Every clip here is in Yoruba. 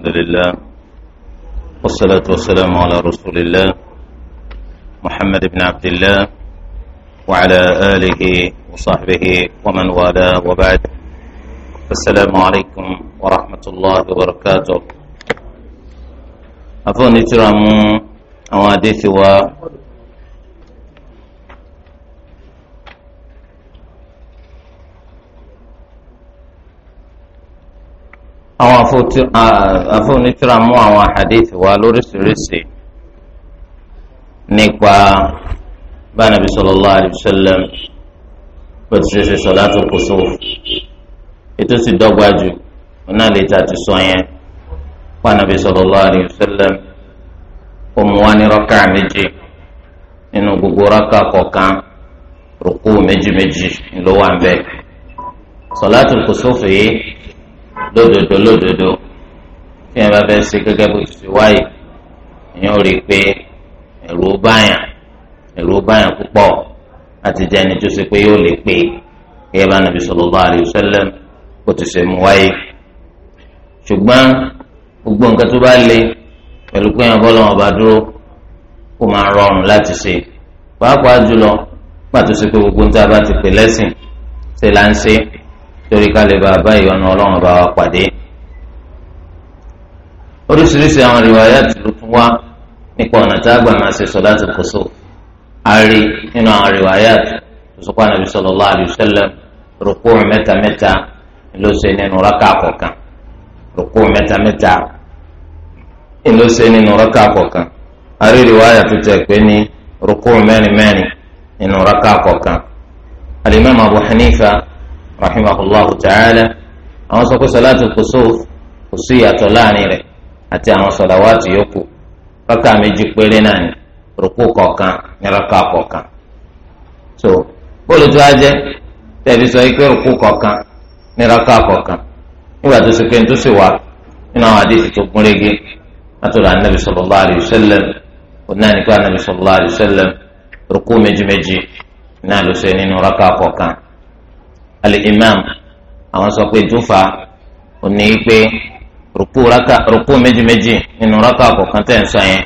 الحمد لله والصلاة والسلام على رسول الله محمد بن عبد الله وعلى آله وصحبه ومن والاه وبعد السلام عليكم ورحمة الله وبركاته أفوني ترى أواديث و àwọn afọ́nitìrà mú àwọn àhàdíìtì wá lóríṣiríṣi nípa bá nàbí sallallahu alaihi wasallam bó ti ṣe ṣe sọ̀látù kusuf ètò sì dọ́gba jù ọ̀nà àlejò àti sọ yẹn bá nàbí sallallahu alaihi wasallam ó mú wá ní rọ́kà méjì nínú gbogbo rọ́kà kọ̀ọ̀kan rúkú méjì méjì ló wà ń bẹ̀ sọ̀látù kusuf lódodo lódodo tí ẹ bá fẹ́ ṣe gẹ́gẹ́ bó ṣe wáyé èèyàn rí i pé ẹ̀rù báyàn ẹ̀rù báyàn púpọ̀ láti jẹ́ ẹni tó ṣe pé yóò lè pè é bá nàbí sallallahu alaihi wasallam kó ti ṣe mú wáyé ṣùgbọ́n gbogbo nǹkan tó bá le pẹ̀lú pé ẹ̀yàn lọ́wọ́ bá dúró kó máa rọrùn láti ṣe pàápàá jùlọ pàtó ṣe pé gbogbo nǹkan tá a bá ti pè lẹ́sìn ṣe là ń ṣe é. torí ká lè bá bá ìyọnu ọlọ́run bá wa pàdé. oríṣiríṣi àwọn riwayat ló tún wá nípa ọ̀nà tá a gbà máa ṣe salatul kusuf a rí nínú àwọn sọ pé ànábi sallallahu rúkú mẹ́tamẹ́ta ló ṣe nínú rákà kọ̀ọ̀kan rúkú ló ṣe nínú rákà kọ̀ọ̀kan a Hanifa rahimahullahu ta'ala àwọn sọ pé sọláàtì kùsùf kò sí ìyàtọ̀ láàrin rẹ̀ àti àwọn sọláwàtì yòókù rákà méjì péré náà ni rúkú kọ̀ọ̀kan ní rákà kọ̀ọ̀kan so bóòlù tó a jẹ tẹ̀lé sọ pé rúkú kọ̀ọ̀kan ní rákà kọ̀ọ̀kan nígbà tó sì pé n tó sì wà nínú àwọn àdéhùn tó gún régé látọ̀dọ̀ anabi sallallahu alayhi wa sallam onáà nípa anabi sallallahu alayhi wa sallam rúkú méjì méjì náà ló ṣe nínú rákà kọ̀ọ̀kan al-imam àwọn sọ pé dúfà òní pé rúkú raka rúkú méjìméjì nínú raka kọ̀ọ̀kan tẹ̀ ń sọ yẹn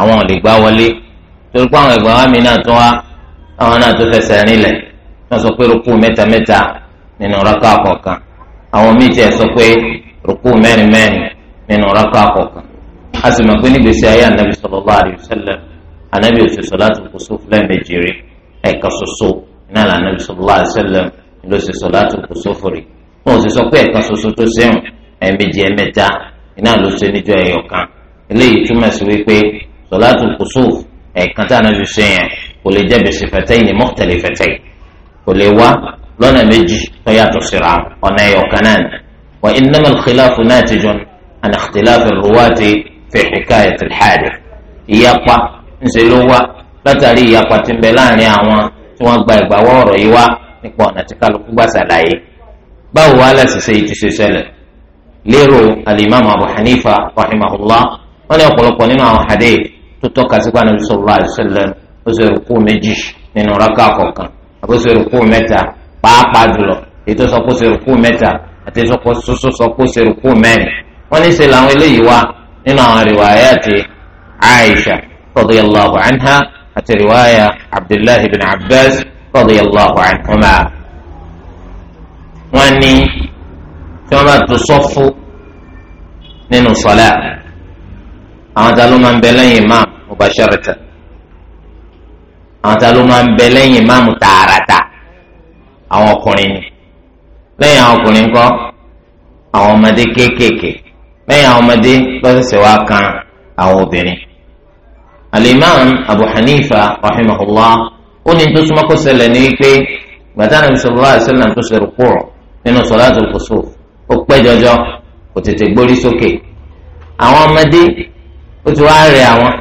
àwọn ò lè gbá wọlé torí pé àwọn ẹ̀gbọ́n wa mi náà tó wá àwọn náà tó fẹsẹ̀ rinlẹ̀ wọ́n sọ pé rúkú mẹ́tamẹ́ta nínú raka kọ̀ọ̀kan àwọn míì tiẹ̀ sọ pé rúkú mẹ́rin mẹ́rin nínú raka kọ̀ọ̀kan a sì mọ̀ pé nígbèsè ayé anabi sallallahu alayhi wa sallam anabi òṣèṣọ́ láti kó sófin lẹ́ẹ̀mejì rí ẹ̀ka ṣoṣo náà ló ṣe sọ̀látù kùsùfùrì wọn ò sì sọ pé ẹ̀kan ṣoṣo tó ṣẹ́wọ̀n ẹ̀ẹ̀mejì ẹ̀mẹ́ta iná ló ṣe níjọ ẹ̀yọ̀ kan eléyìí túmọ̀ sí wípé sọ̀látù kùsùf ẹ̀ẹ̀kan tá a náà fi ṣe yẹn kò lè jẹ́ bẹ̀sẹ̀ fẹ́tẹ́ ìní mọ́tẹ̀lẹ̀ fẹ́tẹ́ kò lè wá lọ́nà méjì tó yàtọ̀ síra ọ̀nà ẹ̀yọ̀ kan náà ni wa innama al ìyapa ńṣe ń bẹ láàrin àwọn tí wọ́n gba ìgbàwọ́ ọ̀rọ̀ yìí wá nípa ọ̀nà tí kálukú gbà ṣàlàyé báwo wàá láṣìṣe yìí ti ṣe ṣẹlẹ̀ lérò alimami abu hanifa rahimahullah wọn ní ọ̀pọ̀lọpọ̀ nínú àwọn hadith tó tọ́ka sí pàánù sallallahu alaihi wasallam ó ṣe rúkú méjì nínú rákà kọ̀ọ̀kan ó ṣe rúkú mẹ́ta pàápàá jùlọ ètò sọkó ṣe rúkú mẹ́ta àti sọkó sọkó ṣe rúkú mẹ́rin wọn ní ṣe làwọn eléyìí wá nínú àwọn riwaayati Aisha radiyallahu anha àti riwaaya Abdullahi bin Abbas radiyallahu anhuma wọ́n ní tí wọ́n bá tó sọ́fù nínú sọ́lá àwọn tá ló máa ń bẹ lẹ́yìn imam mubasharata àwọn tá ló máa ń bẹ lẹ́yìn imam tààràtà àwọn ọkùnrin ni lẹ́yìn àwọn ọkùnrin kọ́ àwọn ọmọdé kéékèèké lẹ́yìn àwọn ọmọdé lọ́sẹ̀sẹ̀ wá kan àwọn obìnrin. al-imam abu hanifa rahimahullah ó ní tó súnmọ́ kó ṣẹlẹ̀ ní wípé gbàtà nàbí sallallahu alaihi wasallam tó ṣe rúkú rọ̀ nínú salatul kusuf ó pẹ́ jọjọ kò tètè gbórí sókè àwọn ọmọdé ó ti wá rẹ̀ àwọn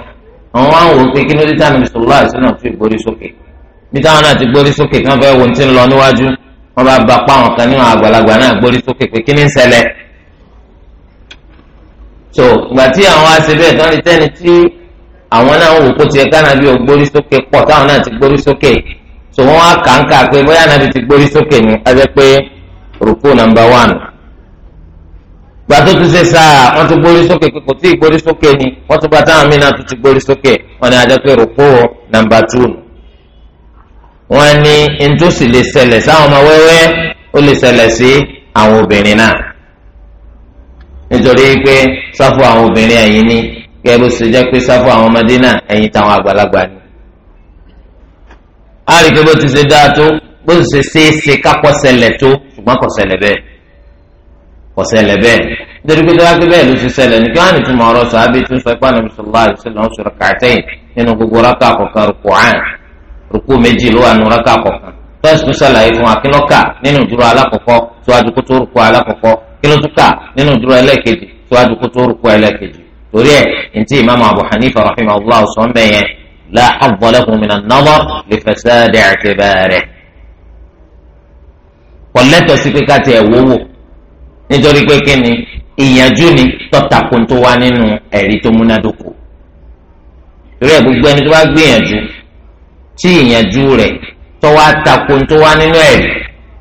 àwọn wá ń wò ó pé kí ló dé tànàbí sallallahu alaihi wasallam fi gbórí sókè bí táwọn náà ti gbórí sókè kí wọ́n fẹ́ wo ti ń lọ níwájú wọ́n bá ba pa àwọn kan nínú àgbàlagbà náà gbórí sókè pé kí ni ń so ìgbà tí àwọn aṣèbẹ̀ tán lè tẹ́ni tí àwọn náà wò kó tiẹ̀ kánà bí o gbórí sókè pọ̀ táwọn náà ti gbórí sókè so wọ́n wá kàńkà pé bóyá náà ti gbórí sókè ni a jẹ́ pé rúkú nàmbà wàn. gba tó tún ṣe sáà wọ́n ti gbórí sókè kò tí ì gbórí sókè ni wọ́n tún bá táwọn míì náà tún ti gbórí sókè wọ́n ní a jẹ́ pé rúkú nàmbà tù nù. wọ́n ní ntòsí lè ṣẹlẹ̀ sáwọn ọmọ wẹ́wẹ́ ó lè ṣẹlẹ̀ sí àwọn obìnrin náà nítorí pé sáfù àwọn obìnrin ẹ̀yìn ni kẹ́ẹ́ bó ṣe jẹ́ pé sáfù àwọn ọmọdé náà ẹ̀yìn táwọn àgbàlagbà ni. a rí i pé bó ti ṣe dáa tó bó ti ṣe ṣeéṣe kápọ̀ ṣẹlẹ̀ tó ṣùgbọ́n kò ṣẹlẹ̀ bẹ́ẹ̀ kò ṣẹlẹ̀ bẹ́ẹ̀ nítorí pé dáa pé bẹ́ẹ̀ ló ṣe ṣẹlẹ̀ ní kí wọ́n á nìtú mọ̀ ọ̀rọ̀ sàábì tó ń sọ ipá nàbì sọ̀rọ̀ láì ṣe sọ̀rọ̀ kàtẹ́yìn nínú gbogbo rákà torí ẹ̀ ntí imaamu abu hanifa rahimahullah sọ mbẹ yẹn la hadda lahu min an-nazar li fasadi i'tibarihi kọ̀lẹ́tọ̀ sí pé ká tiẹ̀ wówó nítorí pé kí ni ìyànjú ni tọ́takùn tó wá nínú ẹ̀rí tó múnádóko torí ẹ̀ gbogbo ẹni tó bá gbìyànjú tí ìyànjú rẹ̀ tó wá takùn tó wá nínú ẹ̀rí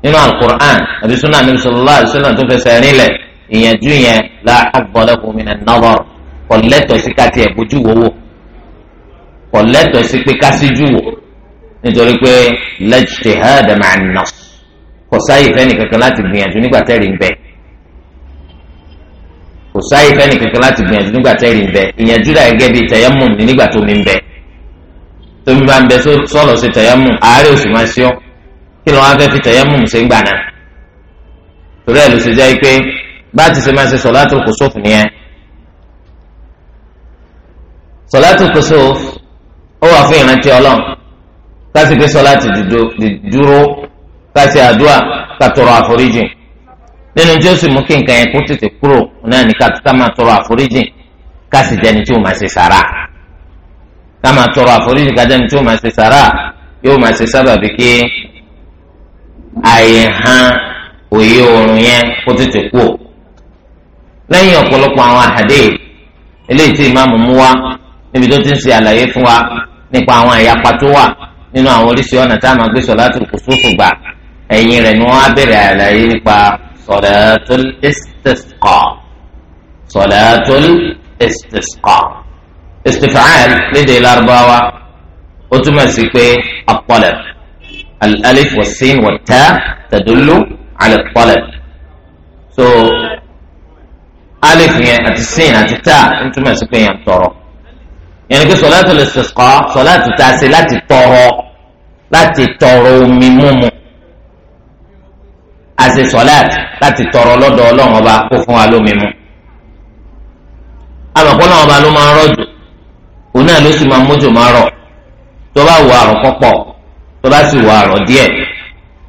nínú alukur'an àbí sunnah nabi sallallahu alayhi wa sallam tó fẹsẹ̀ rinlẹ̀ ìyànjú yẹn la hadda lahu min an-nazar kò lẹ́tọ̀ọ́ sí ká tiẹ̀ bójú wo wò kò lẹ́tọ̀ọ́ sí pé ká síjú wò nítorí pé lajtihad ma'a nas kò sáyè fẹ́ni kankan láti gbìyànjú nígbà tẹ́rì ń bẹ kò sáyè fẹ́ni kankan láti gbìyànjú nígbà tẹ́rì ń bẹ ìyànjú rà gẹ́gẹ́ bíi tayammum ní nígbà tó mi ń bẹ tómi bá ń bẹ sọ́ọ̀lọ́ sí tayammum àárẹ̀ òsì máa ṣíọ́ kí ló wá fẹ́ fi tayammum ṣe ń gbà náà torí ẹ̀ ló ṣe jẹ́ pé bá ti ṣe máa ṣe solatul kusuf nìyẹn sọláàtì kusuf ó wà fún ìrántí ọlọ́run káṣí pé sọláàtì dúró káṣí àdúrà ká tọrọ àforíjì nínú tí ó sì mú kí nǹkan yẹn kó tètè kúrò náà ní ká máa tọrọ àforíjì káṣí jẹni tí ó máa ṣe sàrà ká máa tọrọ àforíjì ká jẹni tí ó máa ṣe sàrà yóò máa ṣe sábàbí kí àyè hàn òye oorun yẹn kó tètè kúrò lẹ́yìn ọ̀pọ̀lọpọ̀ àwọn àhàdé eléyìí tí ìmáàmù mú wá níbi tó ti ń ṣe àlàyé fún wa nípa àwọn àyapa tó wà nínú àwọn oríṣi ọ̀nà tá a máa gbé sọ̀láàtù kùsùfù gbà ẹ̀yìn rẹ̀ ni wọ́n á bẹ̀rẹ̀ àlàyé nípa sọ̀láàtul istisqa sọ̀láàtul istisqa istif'al lédè lárúbáwá ó túmọ̀ sí pé at-talab sin wat-ta tadullu ala so alif yẹn àti sin àti ta ń túmọ̀ sí pé yẹn tọrọ yẹnni kí sọlá tó lè sọ̀kọ́ sọlá tó ta ṣe láti tọrọ láti tọrọ omi mímu àṣẹ sọlá láti tọrọ lọ́dọ̀ ọlọ́run ọba kó fún wa lómi mu. àmọ̀pọ̀ náà ọba ló máa ń rọ̀jò òun náà ló sì máa ń mójò máa rọ̀ tó bá wọ àrùn pọ̀pọ̀ tó bá sì wọ àrùn díẹ̀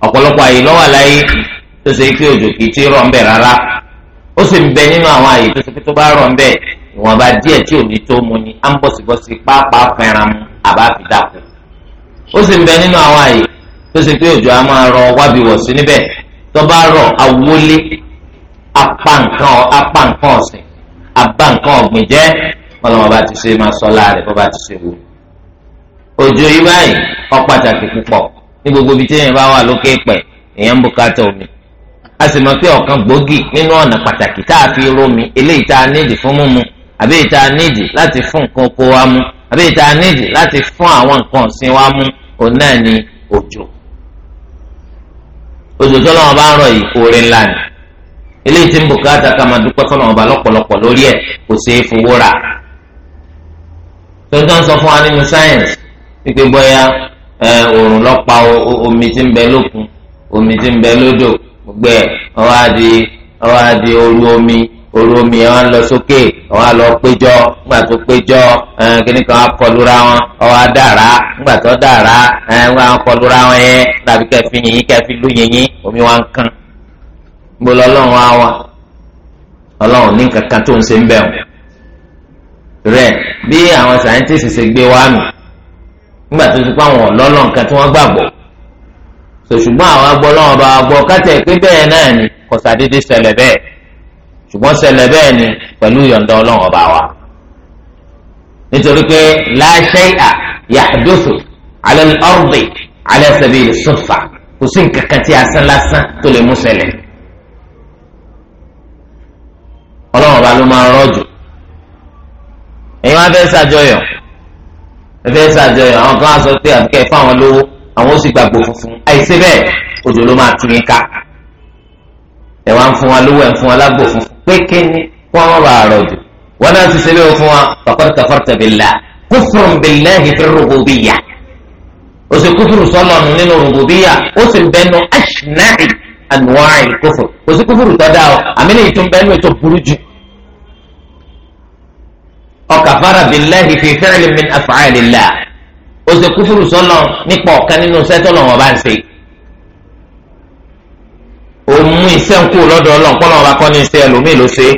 ọ̀pọ̀lọpọ̀ àyè ló láyé tó ṣe pé òjò kìí ti rọ̀ ń bẹ̀ rárá ó sì ń bẹ nínú àwọn àyè tó ṣe pé tó bá rọ̀ ń bẹ̀ ìwọ̀nba díẹ̀ tí òní tó mu ni à ń bọ̀sibọ̀si pàápàá fẹ́ràn mu àbá fi dàpọ̀ ó sì ń bẹ nínú àwọn àyè tó ṣe pé òjò a máa rọ wábiwọ̀sí níbẹ̀ tó bá rọ awólé apá nǹkan ọ̀sìn abá nǹkan ọ̀gbìn jẹ́ ọlọ́mọ bá ti ṣe máa sọ láàrẹ̀ bó bá ti ṣe wò òjò yìí báyìí ó pàtàkì púpọ̀ ní gbogbo ibi tí èèyàn bá wà lókè pẹ̀ èèyàn bùkátà omi a sì mọ̀ pé ọ̀kan gbòógì nínú ọ̀nà pàtàkì tá a fi rómi eléyìí tá a nídìí fún mímu àbí ìta nídì láti fún nǹkan oko wa mú àbí ìta nídì láti fún àwọn nǹkan ọ̀sìn wa mú òun náà ni òjò òjò tó lọ́wọ́ bá ń rọ̀ yìí oore ńlá ni eléyìí tí ń bùkátà ká máa dúpẹ́ fún ọba lọ́pọ̀lọpọ̀ lórí ẹ̀ kò ṣeé fowó rà tó ń tán sọ fún wa nínú sáyẹ̀nsì wípé bóyá òòrùn ló omi tí ń bẹ lókun omi tí ń bẹ lódò gbogbo ẹ̀ ó wá di ó oru omi oru omi ẹ̀ wọ́n lọ sókè ẹ̀ wọ́n lọ péjọ ńgbà tó péjọ ẹ̀ kíní kan akọlura wọn ọwọ́ adára ńgbà tó dára ẹ̀ wọ́n akọlura wọn yẹn dàbí kẹfì yìnyín kẹfì lú yìnyín omi wọn kàn gbọlọ ọlọ́run wa wa ọlọ́run ní kankan tó ń ṣe ń bẹ̀ wọn rẹ bí àwọn sáyẹ́ntìsì ṣe gbé wá nù nígbà tó ti pa àwọn ọlọ́lọ́ nǹkan tí wọ́n gbàgbọ́ sòṣùgbọ́n àwọn agbọ́ lọ́wọ́ wa gbọ́ kátẹ́ pé bẹ́ẹ̀ náà ni kọ̀sádédé ṣẹlẹ̀ bẹ́ẹ̀ ṣùgbọ́n ṣẹlẹ̀ bẹ́ẹ̀ ni pẹ̀lú yọ̀ǹda ọlọ́run ọba wa nítorí pé la shay'a yahduthu ala al-ardi ala sabili as-suffa kò sí nǹkan kan tí a sán lásán tó lè mú ṣẹlẹ̀ ọlọ́run ọba ló máa ń rọ́jò ẹ̀yin wọn fẹ́ ṣàjọyọ̀ fẹ́ ṣàjọyọ̀ àwọn kan á sọ pé àbíkẹ́ fáwọn lówó àwọn ó sì gbàgbó funfun àìsí bẹ́ẹ̀ òjò ló máa tún ká ẹ wá ń fún wa lówó ẹ ń fún wa lágbo funfun pé kíni wọ́n má bàa rọ̀ jù wọ́n náà ti sẹ́bẹ̀ fún wa faqad kafarta billah kufrun billahi fi rububiyyah o sì kúfùrù sọ́lọ́nù nínú rububiyyah ó sì bẹnu ashna'i anwa'i kufur kò sí kúfùrù tó o àmì ìtún bẹnu ètò burú jù ó kafara billahi fi fi'lin min af'alillah o sì kúfùrù sọ́lọ́nù nípa ọ̀kan nínú sẹ́tọ̀lọ́ wọn bá ń ṣe òun mú iṣẹ́ ń kú lọ́dọ̀ ọlọ́run kọ́ lọ́wọ́ bá kọ́ ní iṣẹ́ ẹlòmíì ló ṣe é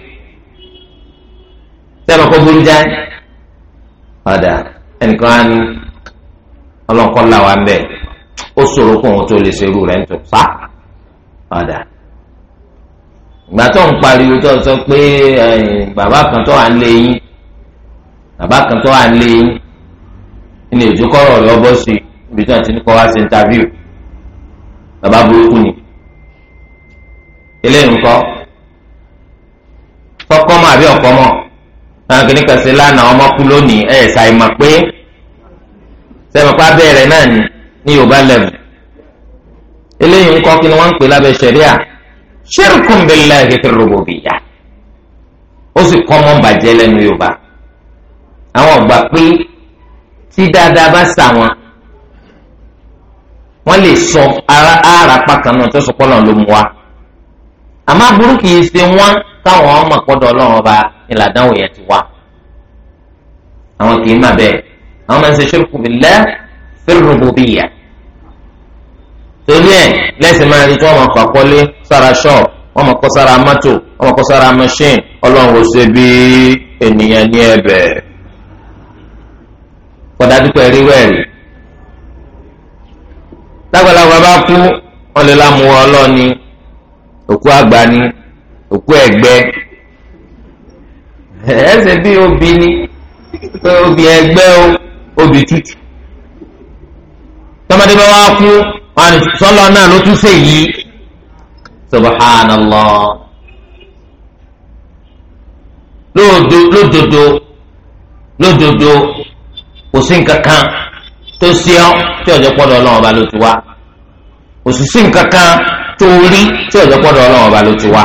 sẹ́nu kó burú jáì ọ̀dà ẹnìkan á ní ọlọ́nkọ́ là wà ń bẹ̀ ó ṣòro kó òun tó lè ṣe irú rẹ̀ ń tó pa ọ̀dà ìgbà tó ń pariwo tó sọ pé bàbá kan tó wà ń lé yín bàbá kan tó wà ń lé yín ní ìdíkọ̀rọ̀ rẹ̀ ọbọ̀ sí ibi tí wọ́n ti ní kọ́ wá sí interview bàbá burúkú ni. eléyìí ńkọ́ kọ́kọ́ mọ́ àbí ọ̀kọ́ mọ́ náà kẹsì lánàá ọmọ kú lónìí ẹ̀ ṣàìmọ̀ pé sẹ́mọ̀pá bẹ̀rẹ̀ náà ní ní yorùbá lẹ́bù eléyìí ńkọ́ kí ni wọ́n ń pè lábẹ́ ṣẹ̀ríà ṣírkùn billahi fi rububiyyah ó sì yorùbá àwọn pé tí dáadáa bá sà sọ ara tó sọ àmọ́ aburú kì í ṣe wọ́n táwọn ọmọ àpọ́dọ̀ ọlọ́run ọba ìlàdánwò yẹn ti wá àwọn kì í má bẹ́ẹ̀ àwọn máa ń ṣe ṣírkù billah fil rububiyyah torí ẹ̀ lẹ́sìn máa rí tí wọ́n máa kọ́ àkọ́lé sára ṣọ́ọ̀bù wọ́n máa kọ́ sára mọ́tò wọ́n máa kọ́ sára machine ọlọ́run ò ṣe bí ènìyàn ní ẹ̀bẹ̀ kọ́dà dúpẹ́ rí wẹ̀rì lágbàlagbà bá kú wọ́n lè lámú òkú agbani òkú ẹ̀gbẹ́ ẹsẹ bí obi ni obi obì o obi tutu tọmọdé bá wá kú sọlọ náà ló tún ṣe yìí osisi lódodo lódodo kò sí tó ọ tí ló ti wá torí tí ọ̀jọ̀ pọ̀dọ̀ ọlọ́run ọba ló ti wá.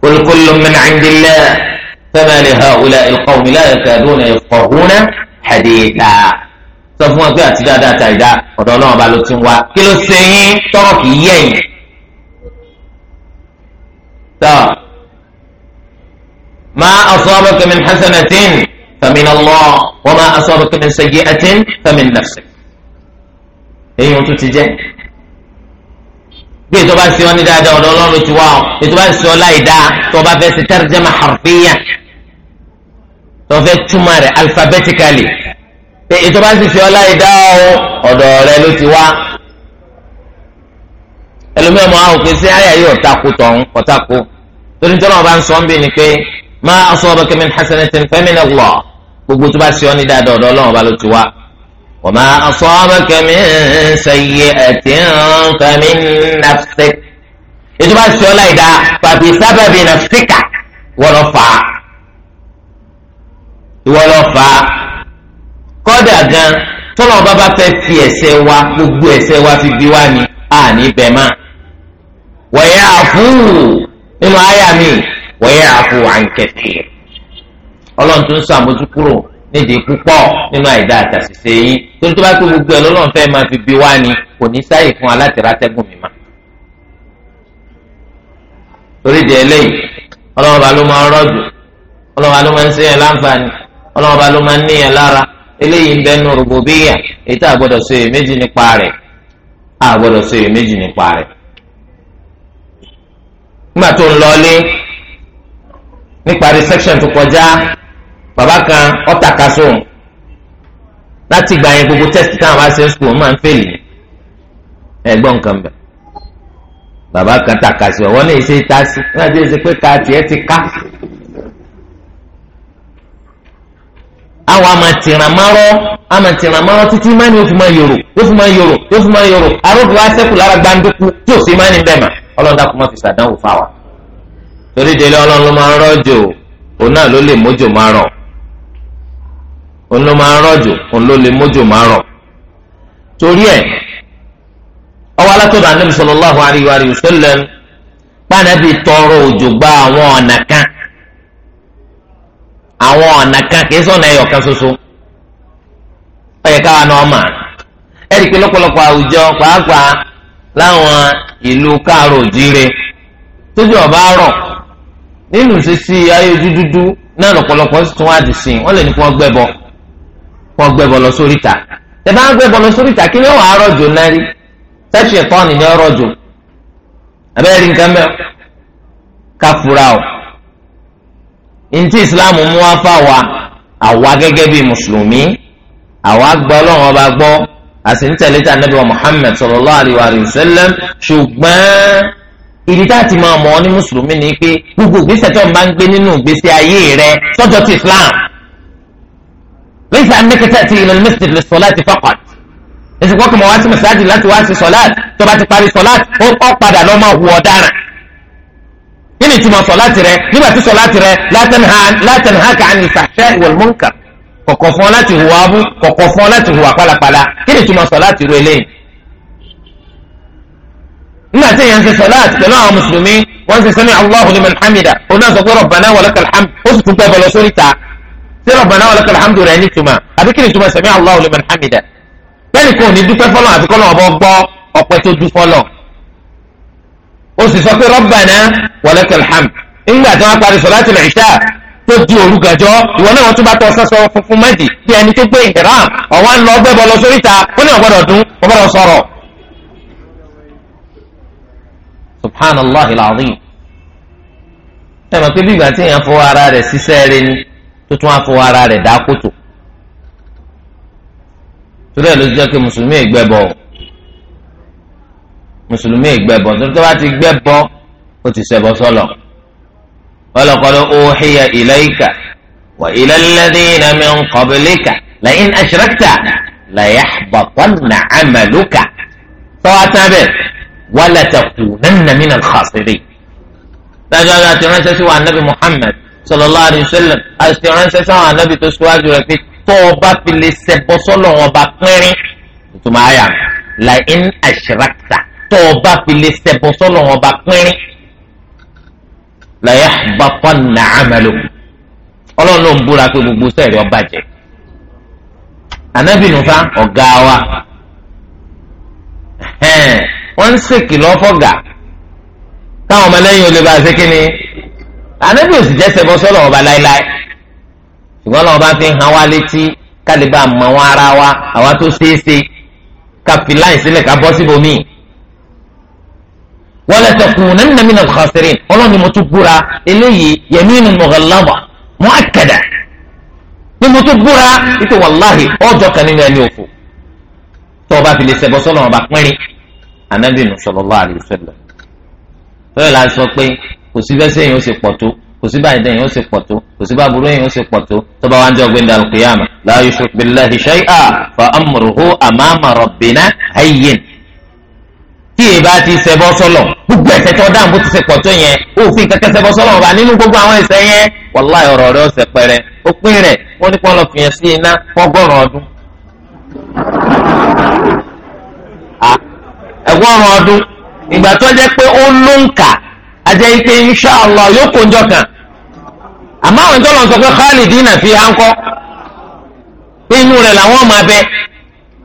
Qul kullun min 'indillahi fama li ha'ula'i al-qawmi la yakaduna yafqahuna haditha. sọ fún wa pé àti dáadáa ta ìdá ọ̀dọ̀ ọlọ́run ọba ló ti wá. kí ló ṣe yín tọrọ kì í yẹ̀yìn. tọ́ ma asabaka min hasanatin famin Allah wọ́n ma asabaka min sayyi'atin famin nafsik. èyí wọn tún ti jẹ́. bí ètò bá ń sin ọ ní dáadáa ọ̀dọ̀ ọlọ́run ti wá ọ ètò bá ń sin ọ láì dáa tó bá fẹ́ ṣe tarjama harfiya tó fẹ́ túmọ̀ rẹ̀ alifabẹ́tíkàlì ètò bá ń sin ọ láì dáa ọ ọ̀dọ̀ rẹ ló ti wá. ẹlòmíràn mọ àwọn òpin àyà yìí ọ̀tá kú tọ̀hún ọ̀tá kú torí tí wọ́n bá ń sọ ń bì ní pé ma asabaka min hasanatin famin Allah gbogbo tó bá sin ọ ní dáadáa ọ̀dọ̀ ọlọ́run ọba ló ti wá. وما أصابك من سيئة فمن نفسك ètò bá sọ láì dáa fàbí sábàbí nàfsíkà wọ́n lọ fà á wọ́n lọ fà á kọ́dà gan tọ́lọ́ bá bá fẹ́ fi ẹ̀ṣẹ̀ wa gbogbo ẹ̀ṣẹ̀ wa fi bí wá ni a ní bẹ̀ máa wọ̀nyẹ́ àfúù nínú àyà mi wọ̀nyẹ́ àfúù àǹkẹ́tì ọlọ́run tó ń sọ àmójúkúrò nídìí púpọ̀ nínú àìdá àtàṣìṣe yìí torí tó bá tó gbogbo ẹ̀ lọ́lọ́run fẹ́ máa fi bí wá ni kò ní sáyè fún wa láti rátẹ́gùn mi mọ́. torí di eléyìí ọlọ́run ọba ló máa ń rọ́jù ọlọ́run ọba ló máa ń ṣe yẹn láǹfààní ọlọ́run ọba ló máa ń níyẹn lára eléyìí ń bẹnu rògbòbíyà èyí tá a gbọ́dọ̀ sọ èyí méjì nípa rẹ̀ a gbọ́dọ̀ sọ èyí méjì nípa rẹ̀. nígbà tó ń lọlé nípa reception tó kọjá Baba kan ọ̀tàkà sóhun láti gbà yẹn gbogbo test táwọn bá ṣe ń sùn máa ń fèlè ní ẹ̀gbọ́n nǹkan bẹ bàbá kan tàkà sí ọwọ́ náà ṣe ta sí náà ṣe ṣe pé ká tiẹ̀ ti ká àwọn amàtìrànmọ́rọ́ amàtìrànmọ́rọ́ títí má ni ó fi máa yòrò ó fi máa yòrò ó fi máa yòrò arógbó wa sẹ́kù lára gbàǹdùkú tí ò sí má ni ọlọ́dà kò má fi ṣàdánwò fáwa torí délé ọlọ́run ló máa ń rọ́jò òun náà ló lè mójò máa rọ̀ onu ló máa ń rọ̀jò òun ló lè mójò máa rọ̀ torí ẹ̀ ọwọ́ alátọ́dọ̀ anábì sallallahu alayhi wa sallam pàdánù tọrọ òjò gba àwọn ọ̀nà kan àwọn ọ̀nà kan kì í sọ̀nà ẹ̀yọ̀ kan soso ọ̀yẹ̀ káwa náà mà ẹ̀rí pé lọ́pọ̀lọpọ̀ àwùjọ pàápàá láwọn ìlú káàrọ̀ òjíire tójú ọba rọ̀ kọ gbẹ bọ̀ lọ sórí ta tẹ bá gbẹ sórí ta kí ni Islam mú wá fà wá àwa gẹ́gẹ́ bíi mùsùlùmí àwa gbọ́ ọba gbọ́ àsìntẹ̀lẹ́ tí anabi wa Muhammad sallallahu ṣùgbọ́n ti máa mọ̀ ọ́ ní mùsùlùmí ni pé gbogbo ìgbésẹ̀ tó ń bá ń nínú ayé rẹ sọ́jọ́ ti Islam. ليس أنك تأتي إلى المسجد للصلاة فقط èsì kọ́kọ́ mọ̀ wá sí mẹ́sáàgì láti wá sí sọ́láàtì tó bá ti parí sọ́láàtì ó kọ́ padà lọ́ máa hu ọ̀daràn kí ni ìtumọ̀ sọ́láàtì rẹ nígbà tí sọ́láàtì rẹ látàn ha kà á ní ìfàṣẹ ìwọ̀lmọ́nkà kọ̀kọ̀ fún ọ láti hùwà abú kọ̀kọ̀ fún ọ láti hùwà pálapàla kí ni ìtumọ̀ sọ́láàtì rẹ lẹ́yìn. nígbà tí èèyàn ń ṣe sọ́láàtì pẹ̀lú àwọn mùsùlùmí wọ́n ń ṣe sami Allahu liman hamida ṣé rabbana wa lakal hamdu rẹ̀ ní tuma àbí kí ni tuma sami Allahu liman hamida bẹ́ẹ̀ ni kò ní dúpẹ́ fọlọ́ àfi kọ́ náà bọ́ gbọ́ ọ̀pẹ tó dúpọ́ lọ. ó sì sọ pé rabbana wa lakal hamd ńgbà tí wọ́n parí sọ̀láàtì ìṣá tó di òru gàjọ́ ìwọ náà wọ́n tún bá tọ́ sọ́sọ́ funfun méjì bí ẹni tó gbé ìhìrán ọ̀wá ń lọ ọgbẹ́ bọ́ sórí ìta ó ní ọ̀gbọ́dọ̀ dún ọgbọ́dọ̀ sọ̀rọ̀. subhanallah ilaahi. ẹ mọ̀ pé bí ìgbà tí èèyàn fọwọ́ ara rẹ̀ ṣiṣẹ́ rẹ̀ ni tó tún afọ ara rẹ̀ dá kótó torí ẹ̀ ló jẹ́ kí mùsùlùmí ìgbẹ́bọ mùsùlùmí ìgbẹ́bọ torí tó bá ti gbẹ bọ ó ti ṣẹbọ sọ́lọ̀ ó uhiya ilayka wa ila alladhina min qablika la'in ashrakta layahbatanna 'amaluka tọ́wọ́ tábẹ̀ wala takunanna minal khasirin dájọ́ àti ránṣẹ́ sí wa nabi muhammed. sallallahu alaihi wasallam àti ránṣẹ́ sáwọn anábì tó síwájú rẹ̀ pé tó o bá fi lè ṣẹbọ sọ́lọ̀ wọn bá pínrín ìtumọ̀ àyà la in ashrakta tó o bá fi lè ṣẹbọ sọ́lọ̀ wọn bá pínrín la yahbatanna amaluk ọlọ́run ló ń búra pé gbogbo sẹ́ẹ̀rì ó bàjẹ́ anábì nùfà ọ̀gá wa wọ́n ń ṣèkìlọ́ fọ́gà káwọn ọmọlẹ́yìn olè ànábì òsì jẹ́ sẹ́bọ̀ sọ́lọ̀ ọba láéláé ṣùgbọ́n lọ́wọ́ bá fi hàn wá létí kálíbà mọ̀ wọn ara wa àwa tó ṣeéṣe ká fi láì sílẹ̀ ká bọ́ síbòmíì wala takunanna min al-khasirin ọlọ́ni mo tún búra eléyìí yaminun mughallada mu'akkada ni mo tún búra ike wàláhì ọjọ́ kan nínú ẹni òfò tó o fi lè sẹ́bọ̀ sọ́lọ̀ ọba pínrín ànábì nù sallallahu alaihi wasallam bẹ́ẹ̀ la sọ pé kò sí bẹ́sẹ̀ èèyàn ó ṣe pọ̀ tó kò sí báyìí dẹ́yìn ó ṣe pọ̀ tó kò sí báburú èèyàn ó ṣe pọ̀ tó tó bá wá ń jẹ́ ti ṣẹbọ sọ́lọ̀ gbogbo ẹ̀ṣẹ̀ tó dáhùn bó ti ṣe pọ̀ tó yẹn òfin kẹkẹ ṣẹbọ sọ́lọ̀ nínú gbogbo àwọn yẹn ọ̀rọ̀ ọ̀sẹ̀ pẹ̀rẹ̀ rẹ̀ wọ́n ní àjẹ́ ike insha allah yóò kó njọ kan àmọ́ àwọn tó lọ sọ pé khalidina fiha ńkọ́ pé inú rẹ̀ làwọn máa bẹ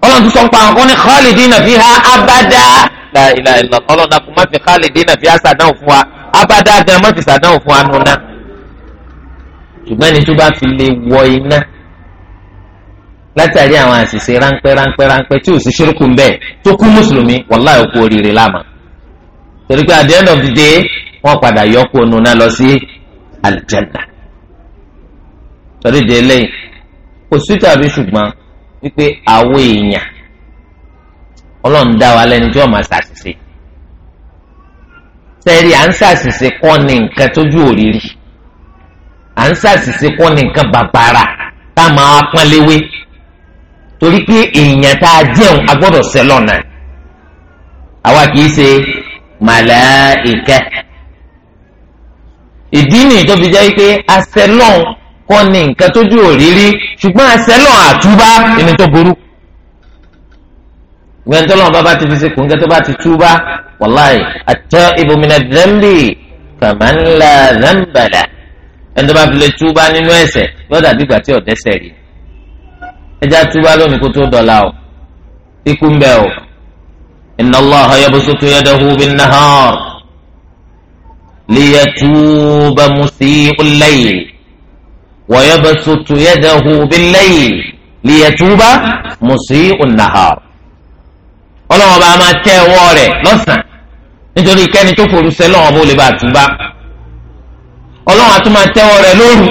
ọlọ́run tó sọ ń pa àwọn kan ní khalidina fiha abada la ilaha illa ọlọ́run dàkú má fi khalidina fiha sàdánwò fún wa abada gan má fi sàdánwò fún wa nùnà ṣùgbọ́n ẹni tó bá fi lè wọ iná látàrí àwọn àṣìṣe ránpẹ́ ránpẹ́ ránpẹ́ tí ò sí ṣírùkù ń bẹ tó kú mùsùlùmí wàláhì òkú oríire láàmà torí pé at the end of the day wọ́n padà yọkú onúna lọ sí àlùjánnà torí de lẹ́yìn kò sí tàbí ṣùgbọ́n wípé àwọn èèyàn ọlọ́run dá wa lẹ́ni tí wọ́n máa ṣàṣìṣe sẹ́ẹ̀rì à ń ṣàṣìṣe kọ́ ni nǹkan tójú òrìrì à ń ṣàṣìṣe kọ́ ni nǹkan bàbàrà tá a máa pọ́n léwé torí pé èèyàn tá a jẹun a gbọ́dọ̀ sẹ́lọ̀ náà àwa kì í ṣe màláìkẹ́ ìdí nìyí tó fi jẹ́ pé asẹ́lọ́n kọ́ ni nǹkan tójú òrírí ṣùgbọ́n asẹ́lọ́n àtúbá ẹni tó burú. gbẹ̀ǹ tó lọ́wọ́ bàbá ti fi ṣe kùnkẹ́ tó bá ti túbá wàláì àtẹ ibòmìnà dẹ́mbì fàmánlá dẹ́mbàlà ẹni tó bá fi lè túbá nínú ẹ̀ṣẹ̀ yóò dàbí ìgbà tí ọ̀dẹ́sẹ̀ rí. ẹja túbá lónìí kó tó dọ̀la o ikú ń bẹ o inna Allaha yabsutu yadahu ليتوب مسيء الليل ويبسط يده بالليل ليتوب مسيء النهار ọlọ́wọ́n bá máa tẹ́ ọwọ́ rẹ̀ lọ́sàn-án nítorí kẹ́ni tó forúṣẹ́ lọ́wọ́n bó lè bá àtúbá ọlọ́wọ́n á tún máa tẹ́ ọwọ́ rẹ̀ lóru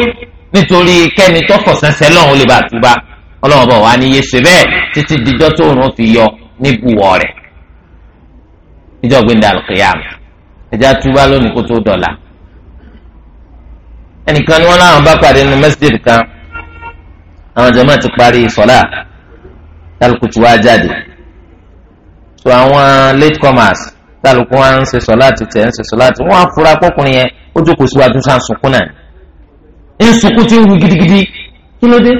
nítorí kẹ́ni tó fọ̀sẹ̀sẹ̀ lọ́wọ́n lè bá àtúbá ọlọ́wọ́n bá wà ní ṣe bẹ́ẹ̀ títí dijọ́ tó rùn fi yọ níbùwọ̀ rẹ̀ níjọ́ gbẹ̀ndẹ̀ àlùkìyàmù ẹja túbá lónìí kó tó dọ̀la ẹnìkan ni wọn láwọn bá pàdé nínú masjid kan àwọn jàmáà ti parí sọlá kálukùtù wa jáde tó àwọn late comers kálukù wa ń ṣe sọlá ti tẹ̀ ń ṣe sọlá ti wọn afura pọkùnrin yẹn ó jókòó síwájú sáà sunkún náà ń sunkún tí ń wu gidigidi kí ló dé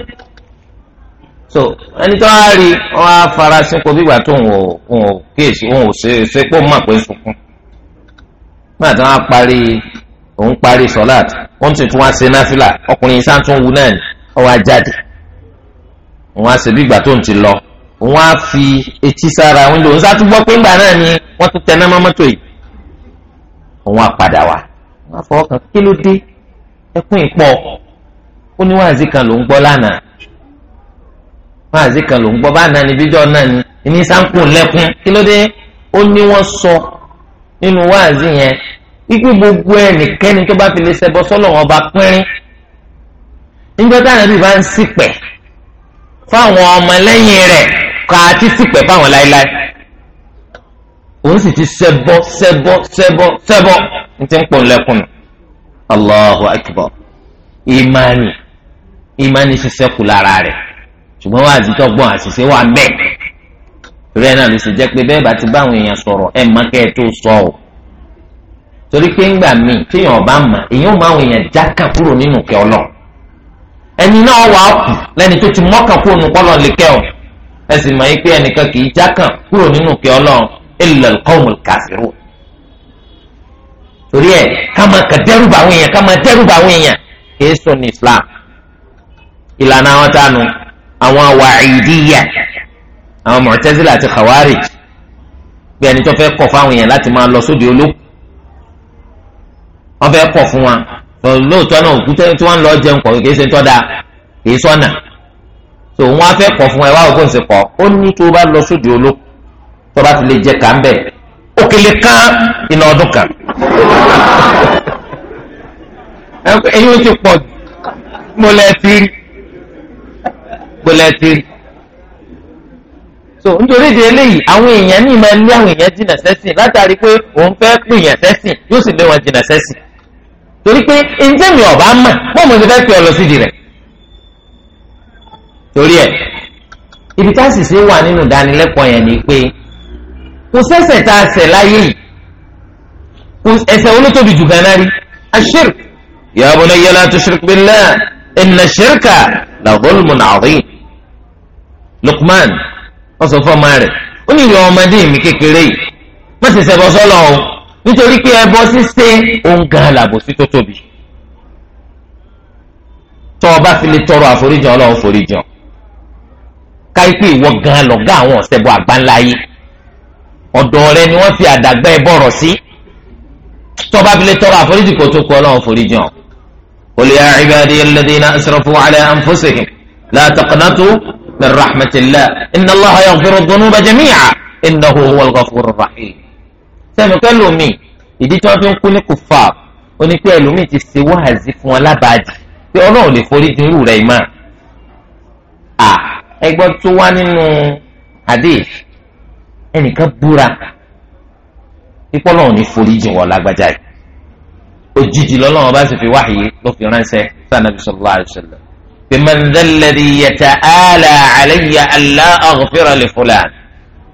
so ẹni tó wá rí wọn á farasin kó bí ìgbà tó ń wò ó kíyèsí òun ò ṣe é ṣe pé ó mọ̀ sunkún nígbà tí wọ́n á parí òun parí sọ́láàtì wọ́n tún tún wá ṣe náfìlà ọkùnrin sáà tún wù náà ni ọwọ́ ajáde òun á ṣe bí ìgbà tó ń ti lọ òun á fi etí sára wíńdò òun sáà tún gbọ́ pé ńgbà náà ni wọ́n tún tẹná mọ́mọ́tò yìí òun á padà wá òun á fọwọ́ kan kí ló dé ẹkún ìpọ̀ ó ní wáàzí kan ló ń gbọ́ lánàá wáàzí kan ló ń gbọ́ bá náà ni bíjọ́ náà ni ìní sáà ń kún lẹ́kún kí ló dé ó ní wọ́n sọ nínú wáàzì yẹn wípé gbogbo ẹnikẹ́ni tó bá fi lè ṣẹbọ sọ́lọ̀ wọn bá pínrín níjọ́ táwọn ẹbí bá ń ṣìpẹ̀ fáwọn ọmọlẹ́yìn rẹ̀ kà á ti ṣìpẹ̀ fáwọn láéláé òun sì ti ṣẹbọ ṣẹbọ ṣẹbọ ṣẹbọ ní ti ń pò lẹ́kùn Allahu akbar ìmánì ìmánì ṣiṣẹ́ kù lára rẹ̀ ṣùgbọ́n wáàzì tó gbọ́n àṣìṣe wà ń bẹ rẹ náà ló sì jẹ́ pé bẹ́ẹ̀ bá ti bá àwọn èèyàn sọ̀rọ̀ ẹ má kẹ́ ẹ tó sọ o torí pé ńgbà míì téèyàn ọba mà èèyàn àwọn èèyàn jákà kúrò nínú kẹ ẹni náà wà á kù tó ti mọ́kà kúrò nínú kọlọ lè kẹ ọ ẹ sì ẹnìkan kì í jákà kúrò nínú kẹ ọlọ illa alqawmul torí ẹ ká àwọn èèyàn ká àwọn èèyàn ní Islam ìlànà àwọn àwọn àwọn mọ̀tẹ́sílà àti khawarij bí ẹni tó fẹ́ kọ̀ fáwọn èèyàn láti máa lọ sóde olóko wọ́n fẹ́ kọ̀ fún wa lóòótọ́ náà òkú tí wọ́n ń lọ jẹun kọ̀ kì í ṣe tọ́ da kì í sọ́nà tó wọ́n á fẹ́ kọ̀ fún ẹ wá òkú ń ṣe kọ̀ ó ní tó bá lọ sóde olóko tó bá ti lè jẹ kà ń bẹ̀ òkèlè kan iná ọdún kan ẹ̀yin ti pọ̀ mọ́lẹ́tìrì mọ́lẹ́tìrì so nítorí di eléyìí àwọn èèyàn ní ìmọ̀ ẹlẹ́ àwọn èèyàn jìnà sẹ́sìn látàrí pé òun fẹ́ pè yàn sẹ́sìn yóò sì lé wọn jìnà sẹ́sìn torí pé ǹjẹ́ mi ọ̀bá mọ̀ bọ́ mo ti fẹ́ pè ọ lọ sídìí rẹ̀ torí ẹ̀ ibi tá a sì ṣe wà nínú ìdánilẹ́kọ̀ọ́ yẹn ni pé kò sẹ́sẹ̀ tá a ṣẹ̀ láyé yìí kò ẹ̀ṣẹ̀ olótóbi jù gan nárí ashirk ya bunayya la tushrik billah inna shirka wọ́n sọ fọ́ọ̀mà rẹ̀ ó ní ìwé ọmọdé mi kékeré yìí má ṣe ṣẹbọ sọ́lọ̀ o nítorí pé ẹbọ ṣíṣe òun gan làbòsí tó tóbi tọ́ ọba fi lè tọrọ àforíjàn ọlọ́run foríjàn káyipé ìwọ gan lọ̀gá àwọn ọ̀sẹ̀bọ àgbáńlá yìí ọ̀dọ̀ rẹ ni wọ́n fi àdàgbà ẹbọ rọ̀ sí tọ́ ọba fi lè tọrọ àforíjì kó tó kọ ọlọ́run foríjàn qul ya ibadiya alladhina asrafu ala anfusihim la taqnatu من رحمة الله إن الله يغفر الذنوب جميعا إنه هو الغفور الرحيم sẹ́mi pẹ́lú mi ìdí tí wọ́n fi ń kú ní kùfà ó ní pé ẹlòmíì ti ṣe wáàzí fún wọn lábàájì pé ọlọ́run lè forí dín irú rẹ̀ mọ́ à ẹgbọ́n tó wá nínú hadith ẹnìkan búra pípọ́ ọlọ́run ní forí dín wọn lágbájá yìí òjijì lọ́lọ́run bá sì fi wáhìí ló fi ránṣẹ́ sànàbí sallallahu alaihi بمن ذا الذي يتآلى علي ألا أغفر لفلان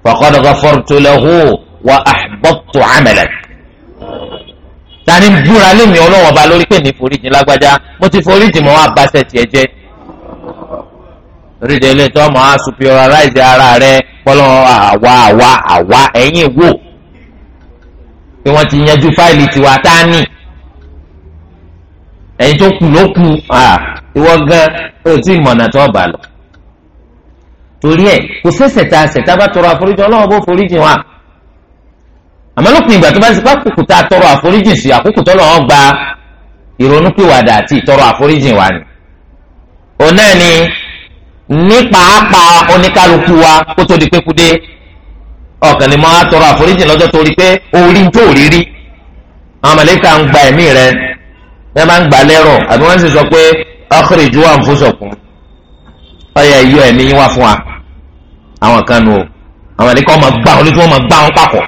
فقد غفرت له وأحبطت عملك tani búra lémi ọlọ́wọ́ ba lórí pé ní foríjì lágbájá mo ti foríjì mọ́ abáṣẹ tiẹ̀ jẹ́ ríde ilé tó mọ́ a superiorize ara rẹ pọ́lọ́ àwa àwa àwa ẹ̀yìn wò pé wọ́n ti yanjú fáìlì tiwa tá ẹ̀yin tó kù ló kù ìwọ gan ó sì mọ̀nà tó lọ. torí ẹ kò a bá tọrọ àforíjì ọlọ́run bó foríjì wa àmọ́ lópin ìgbà tó bá ti tọrọ àforíjì sí àkókò tó gba ìrònúpìwàdà àti ìtọrọ àforíjì wa ni. òun náà ni ní pàápàá oníkálukú wa kó tó tọrọ àforíjì lọ́jọ́ torí pé orí ń tó rí rí àwọn bẹ́ẹ̀ máa ń gbà lẹ́rọ̀ àbí wọ́n sì sọ pé akhriju anfusakum ọyẹ yọ ẹ̀mí yín wá fún wa àwọn kan nù o àwọn ẹni kọ́ máa gbá wọn lójú wọn máa gbá wọn papọ̀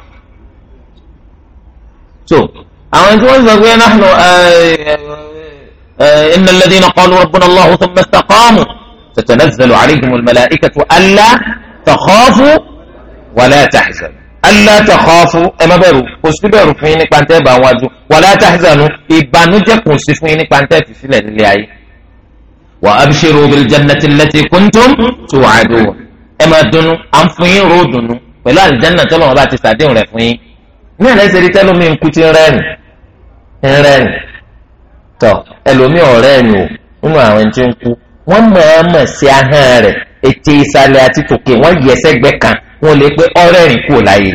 so àwọn tí wọ́n sọ pé nahnu eh, eh, eh, inna alladhina qalu rabbuna Allahu thumma istaqamu tatanazzalu alayhimul malaikatu alla takhafu wa la tahzanu alátakọ́fù ẹ má bẹ̀rù kò sí bẹ̀rù fún yín nípa ntẹ́ bá wájú wàlá tahzanu ìbànújẹ́ kò sí fún yín nípa ntẹ́ fi sílẹ̀ nílé ayé. wa abshiru bil jannati allati kuntum tu'adun ẹ máa dunnú à ń fún yín ró dunnú pẹ̀lú àlìjánná tó lọ́wọ́ bá ti sàdéhùn rẹ̀ fún yín. ní ẹ̀rẹ́ ṣe rí tẹ́lómi nkú ti rẹ́ẹ̀nì rẹ́ẹ̀nì tọ́ ẹlòmí ọ̀rẹ́ẹ̀nì wọn lè pe ọ̀rẹ́ rìn kúrò láyé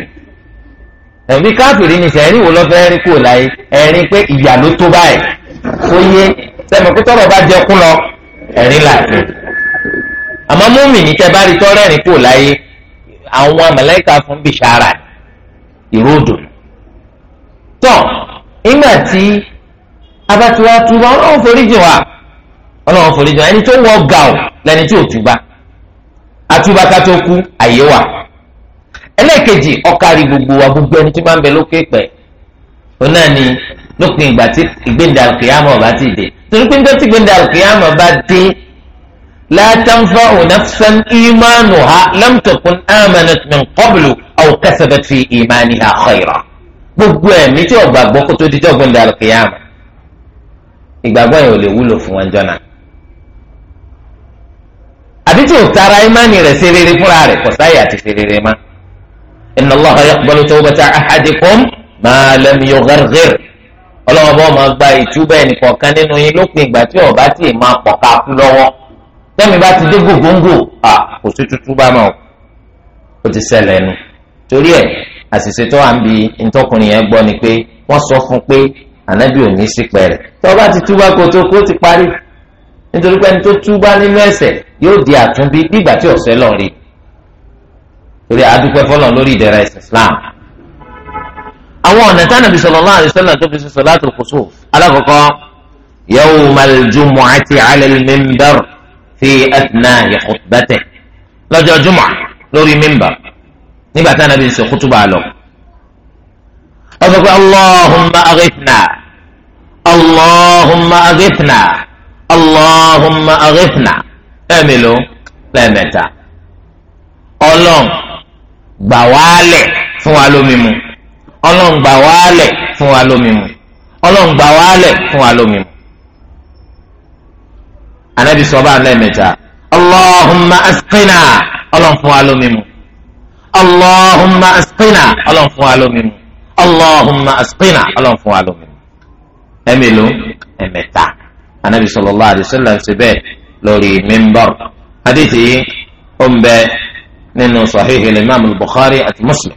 ẹbí káfíìrì ni sẹẹrin wo lọ rìn kúrò láyé ẹ̀rín pé ìyà ló tó báyìí ó yé sẹmọ pé tọrọ bá jẹ kú lọ ẹ̀rín làásì àmọ́ múmi ní tẹ bá rí tọrẹ rìn kúrò láyé àwọn fún tọ nígbà tí abatiwatuba wa foríjì wa ẹni tó wọ gàù lẹni tí ò àyè wa. ẹlẹ́ẹ̀kejì ọ̀kàrí gbogbo wa gbogbo ẹni tí máa ń bẹ lókè pẹ̀ ó náà ni lópin ìgbà tí ìgbéǹda àlùkìyàmọ̀ bá ti dé torí pé níjọ́ tí ìgbéǹda àlùkìyàmọ̀ bá dé látàǹfà ònàfẹ́n ìmánu ha lámtọ̀kùn amanat min qablu aw kasabat fi ìmánì ha khayra gbogbo ẹ̀mí tí ó gbàgbọ́ kó tó dijọ́ ìgbéǹda àlùkìyàmọ̀ ìgbàgbọ́ yẹn ò lè wúlò fún wọn jọ́nà àbí tí ò tara ìmánì rẹ̀ ṣe rere fúnra rẹ̀ kò inna الله يقبل tawbata ahadikum ما لم yugharghir ọlọ́wọ́n bá máa gba ìtúbà ẹnìkọ̀ọ̀kan nínú yín lópin ìgbà tí ọba tí ì máa pọ̀ ká kú lọ́wọ́ tẹ́mi bá ti dé gògóńgò à kò sí tútú bá máa ó ti ṣẹlẹ̀ nu torí ẹ̀ àṣìṣe tó wà ń bi ntọ́kùnrin yẹn gbọ́ ni pé wọ́n sọ fún pé ànábì ò ní sí pẹ̀rẹ̀ tó bá ti túbà kó tó kó ti parí nítorí pé ẹni tó túbà nínú ẹ̀ṣẹ̀ yóò di àtúnbí bí ìgbà tí ọ̀sẹ̀ lọ́ọ̀rìn torí adúpẹ́ fọlọ́ lórí ìdẹ̀ra ẹ̀sìn Islam. àwọn ọ̀nà tí Ànábì sallallahu alaihi wasallam tó fi ṣe salatul kusuf alákọ̀ọ́kọ́ yawmal jumu'ati 'ala al-minbar fi athna'i khutbatihi lọ́jọ́ jùmọ̀ lórí minbar nígbà tí Ànábì ṣe kútùbà lọ. ọ̀sọ̀kọ̀ allahumma aghithna allahumma aghithna allahumma aghithna ẹ̀mí ló lẹ́ẹ̀mẹ́ta ọlọ́run gbà fun fún wa lómi mu ọlọ́run gbà wálẹ̀ fún wa lómi mu ọlọ́run gbà wálẹ̀ fún wa lómi mu. anabi sọ báà lẹ́ẹ̀mẹ́ta allahumma asqina ọlọ́run fún wa lómi mu ọlọ́run fún wa lómi mu ọlọ́run anabi ṣe bẹ́ẹ̀ lórí nínú sahih imam bukhari àti muslim.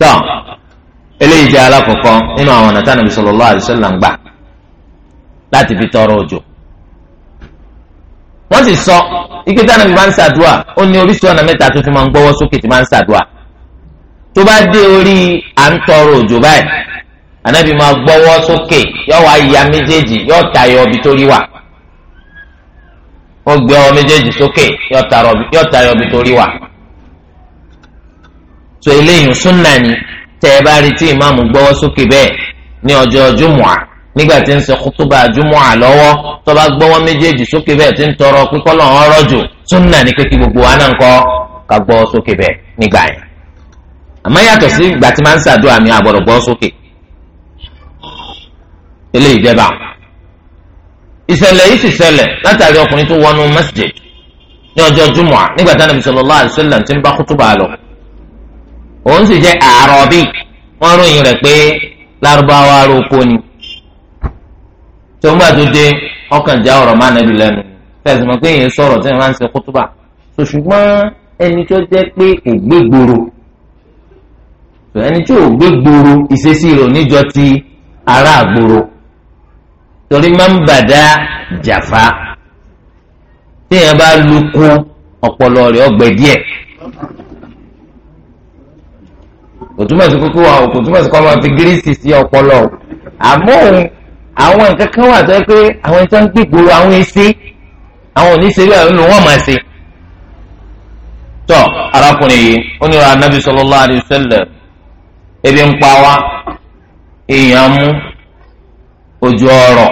tọ́ eléyìí jẹ́ alákọ̀ọ́kọ́ nínú àwọn ọ̀nà tánàbí sallallahu alaihi wasallam ń gbà láti fi tọrọ òjò. wọ́n sì sọ ike tánàbí máa ń ṣàdúà ó ní oríṣi ọ̀nà mẹ́ta tó fi máa ń gbọ́wọ́ sókè tí máa ń ṣàdúà. tó bá dé orí à ń tọrọ òjò báyìí ànábì máa gbọ́wọ́ sókè yọ wá ya méjèèjì yọ tayọ ibi tó rí wà. ó gbé ọwọ́ méjèèjì sókè yóò tayọ bí torí wà. so eléyìí súnà ni tẹ́ ẹ bá rí tí ìmáàmù gbọ́wọ́ sókè bẹ́ẹ̀ ní ọjọ́ jùmùà nígbà tí ń jùmùà ni gbogbo wa náà ń kọ́ ká gbọ́wọ́ sókè bẹ́ẹ̀ nígbà yẹn. àmọ́ yàtọ̀ sí ìgbà tí máa ń mi gbọ́ sókè eléyìí ìṣẹ̀lẹ̀ yìí sì ṣẹlẹ̀ látàrí ọkùnrin tó wọnú masjid ní ọjọ́ jumua nígbà tí Ànábì sallallahu alaihi wasallam ti ń bá kútùbà lọ òun sì jẹ́ àrọ̀bí wọ́n ròyìn rẹ̀ pé lárúbáwá aróko ni tó ń gbà tó dé ọkàn já ọ̀rọ̀ má nàbí lẹ́nu tẹ̀sí mọ́ pé èèyàn sọ̀rọ̀ tí wọ́n máa ń ṣe kútùbà tó ṣùgbọ́n ẹni tó jẹ́ pé kò gbòòrò ẹni tí ò gbòòrò ìṣesí rẹ̀ oníjọ ti ará àgbòòrò torí máa ń bàdá jàfa téèyàn bá lukú ọpọlọ rẹ̀ ọgbẹ́ díẹ̀ kò túmọ̀ sí kókó wa kò túmọ̀ sí kó máa fi gírísì sí ọpọlọ àmọ́ òun àwọn nǹkan kan wà tó yẹ pé àwọn ìtàn gbígboro àwọn ẹsẹ̀ àwọn oníṣẹ́lẹ̀ àwọn ìlú wọn máa ṣe. tọ́ arákùnrin yìí ó ní ra anábì sallallahu alaihi wasallam ebi ń pa wá èèyàn mú ojú ọrọ̀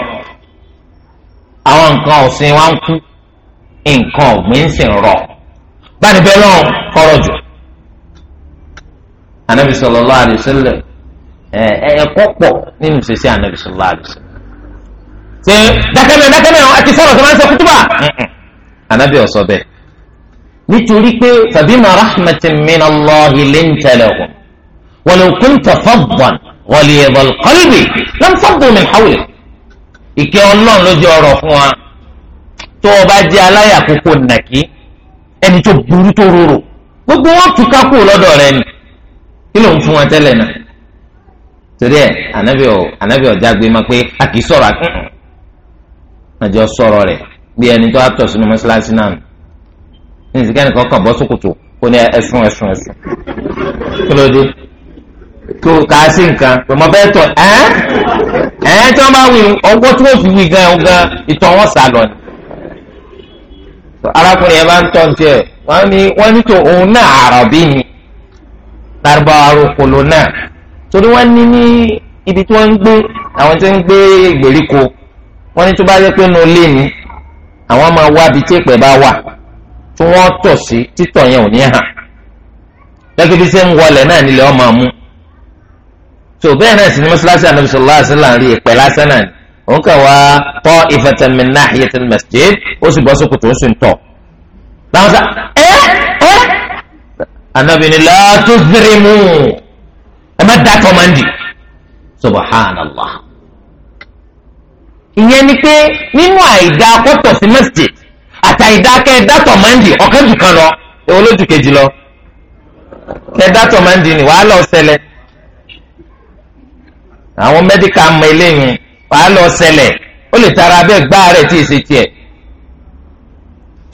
àwọn nǹkan ọ̀sìn wa ń kú nǹkan ọ̀gbìn sì ń rọ̀ báni bẹ́ẹ̀ lọ́n kọ́rọ̀ jù anabi sallallahu alaihi wasallam ẹ ẹ kọ́pọ̀ nínú sẹ́sí anabi sallallahu alaihi wasallam ṣe dákẹ́mẹ́ dákẹ́mẹ́ ẹ ti sọ̀rọ̀ tó máa ń sọ kútùbà anabi ọ̀sọ́ bẹ́ẹ̀ nítorí pé fabima rahmatin min allahi linta lahum wa law kunta faddan. غليظ القلب لم فضوا من حولك ìkẹ́ ọlọ́run ló jẹ́ ọ̀rọ̀ fún wa tó o bá jẹ́ aláyà kókó nàkí ẹni tó burú tó rorò gbogbo wọn tún ká kúrò lọ́dọ̀ rẹ ni kí ló ń fún wa tẹ́lẹ̀ náà torí ẹ ànábì ọ̀já gbé ma pé a kì í sọ̀rọ̀ akẹ́kọ̀ọ́ àjọ sọ̀rọ̀ rẹ̀ bí ẹni tó àtọ̀ sínú mọ́ṣáláṣí náà nìyí kẹ́nìkan kàn bọ́ sókòtò kó ní ẹ̀sùn ẹ̀sùn ẹ̀sùn kí ló dé. kó o kà á sí nǹkan pé mo fẹ́ tọ̀ ẹ́ ẹ́ tí wọ́n bá wí ọgbọ́n tí wọ́n fi wí gan gan wọn lọ arákùnrin yẹn bá ń tọ́ wọ́n ni torí wọ́n ní ní ibi tí wọ́n ń gbé àwọn tí ń gbé ìgbèríko wọ́n ní tó bá pé nu ilé ni àwọn máa wá ibi tí bá wà tí wọ́n tọ̀ sí títọ̀ yẹn ò ní hàn tó bẹ́ẹ̀ náà sì ni mọ́ṣáláṣí anabi sallallahu alaihi wasallam rí ìpẹ́ lásán náà ni òun kàn wá ta'ifatan min nahiyatil masjid ó sì bọ́ sókòtò ó sì ń tọ̀ láwọn sá ẹ ẹ anabi ni la tuzrimu ẹ má dá kọ́mándì subhanallah ìyẹn ni pé nínú àìdá kọ́tọ̀ sí masjid àtàìdá kẹ́ẹ̀dá tọ̀mándì ọ̀kẹ́ kan lọ èwo kejì lọ kẹ́ẹ̀dá tọ̀mándì ni wàhálà ọ̀sẹ̀lẹ̀ àwọn mẹ́díkà mọ eléyìí wàá lọ ṣẹlẹ̀ ó lè tara bẹ́ẹ̀ gbá rẹ̀ tí ì ṣe tiẹ̀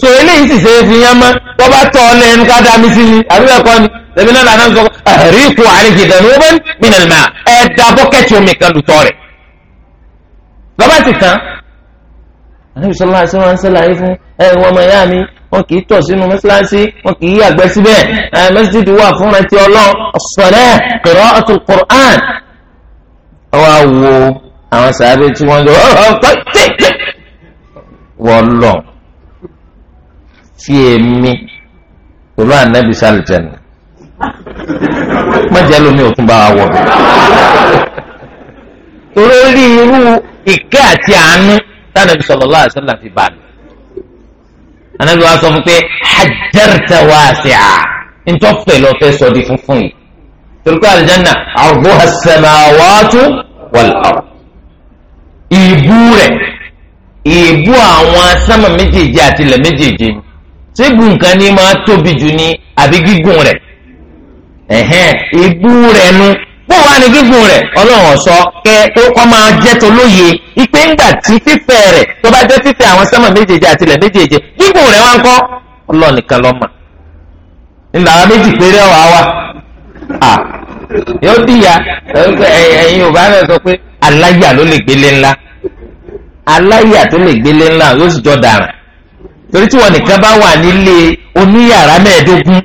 so eléyìí sì ṣe é fi yán mọ́ wọ́n bá tọ́ ọ lẹ́nu ká dá mi sí ni àbí bẹ́ẹ̀ kọ́ ni tẹ̀mí náà lànà sọ rí ikú àríkì ìdánù ó bẹ́ mìíràn mà ẹ̀ da bọ́kẹ́tì omi kan lùtọ́ rẹ̀ lọ́ba ti kàn ànábì sọlá àti wọn ṣàlàyé fún ẹ wọn ọmọ ìyá mi wọn kì í tọ̀ sínú mọ́ṣáláṣí wọn kì í yàgbẹ́ síbẹ̀ ẹ mẹ́sídìí wà fúnra ti ọlọ́ọ̀ ọ wá wo àwọn sàábé tí wọ́n lọ oh, oh, wọ́n lọ tí èmi pẹ̀lú ànábì sálìjẹ̀nì mọ̀jẹ̀ lómi ò tún bá wa wọ̀ torí rí irú ìkẹ́ àti àánú tánàbí sallallahu alaihi wasallam fi bá mi ànábì wa sọ fún pé hajjarta wasi'a ntọ́fẹ̀ lọ́fẹ́ sọ di funfun yìí torípé àlùjánnà àbò àsẹ̀máwáátú wàlá ìbú rẹ̀ ìbú àwọn sánmà méjèèjì àti ilẹ̀ méjèèjì sígun nǹkan ní máa tóbi jù ní àbí gígùn rẹ̀ ẹ̀hẹ́n ìbú rẹ̀ nu bó wà ní gígùn rẹ̀ ọlọ́run sọ kẹ́ ó kọ́ máa jẹ́ tó lóye ipe ńgbà tí fífẹ̀ rẹ̀ tó bá jẹ́ fífẹ̀ àwọn sánmà méjèèjì àti ilẹ̀ méjèèjì gígùn rẹ̀ wá ń kọ́ ọlọ́run nìkan ló mọ̀ ńlá méjì péré ọ̀ à yóò dìyà ẹ̀yin ò bá rẹ̀ sọ pé aláyà ló lè gbélé ńlá aláyà tó lè gbélé ńlá yóò sì jọ dàrán torí tí wọn nìkan bá wà nílé oníyàrá mẹ́ẹ̀ẹ́dógún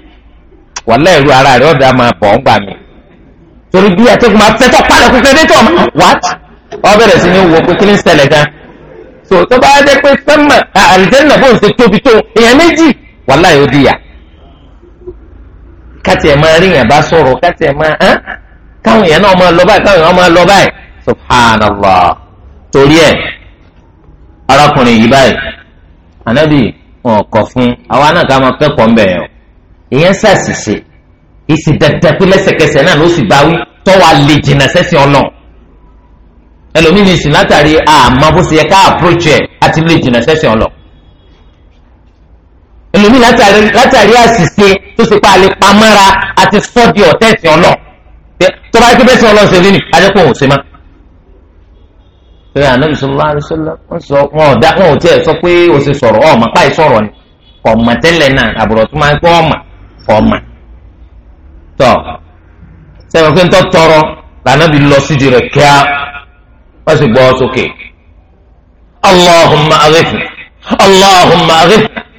wàhálà ẹ̀rù ara rẹ̀ ọ̀dà máa bọ̀ ọ́n gbà mí torí bí atẹ́gùn máa fẹ́tọ̀ padà kúkẹ́ dé tó ọmọ so tó bá dé pé sẹ́mà bó ń ṣe tóbi tó méjì káti ẹ̀ máa ríyàn bá sọ̀rọ̀ káti ẹ̀ máa hàn káwọn èèyàn náà máa lọ báyìí káwọn èèyàn máa lọ báyìí subhanallah torí ẹ̀ arákùnrin yìí báyìí ànábì wọn kọ fún àwa náà ká máa kẹ́kọ̀ọ́ ń bẹ̀ yẹn o ìyẹn ṣàṣìṣe ìsì dandan pé lẹ́sẹ̀kẹsẹ̀ náà ló sì bá wí tọ́wọ́ alẹ́ jìnnà sẹ́sìn ọ̀nà ẹlòmíì ní látàrí àmọ́ bó ṣe yẹ ká àpúròjì ẹ̀ àti lè jìnnà sẹ́sìn ọ̀nà ẹlòmíì látàrí àṣìṣe tó ṣe pa àlè pamọ́ra àti sọ́ọ̀dì ọ̀tẹ́ẹ̀sì ọlọ́ tó bá ké bẹ́sẹ̀ ọlọ́ ṣe rí ni adékò òun ṣe má. sọ́yà anábì sọ́lá aláṣọ́lá wọ́n sọ wọn ò dá wọn ò tiẹ̀ sọ pé o ṣe sọ̀rọ̀ ọ̀mà páì sọ̀rọ̀ ni ọ̀mà tẹ́lẹ̀ náà àbùrọ̀ tó máa ń pọ́ ọ̀mà fọ̀ọ̀mà. tọ́ sẹ́wọ̀n pé ń tọ́ tọrọ lànàbì lọ sídi rẹ̀ kíá wọ́n sì gbọ́ sókè. allahumma aghithna allahumma aghithna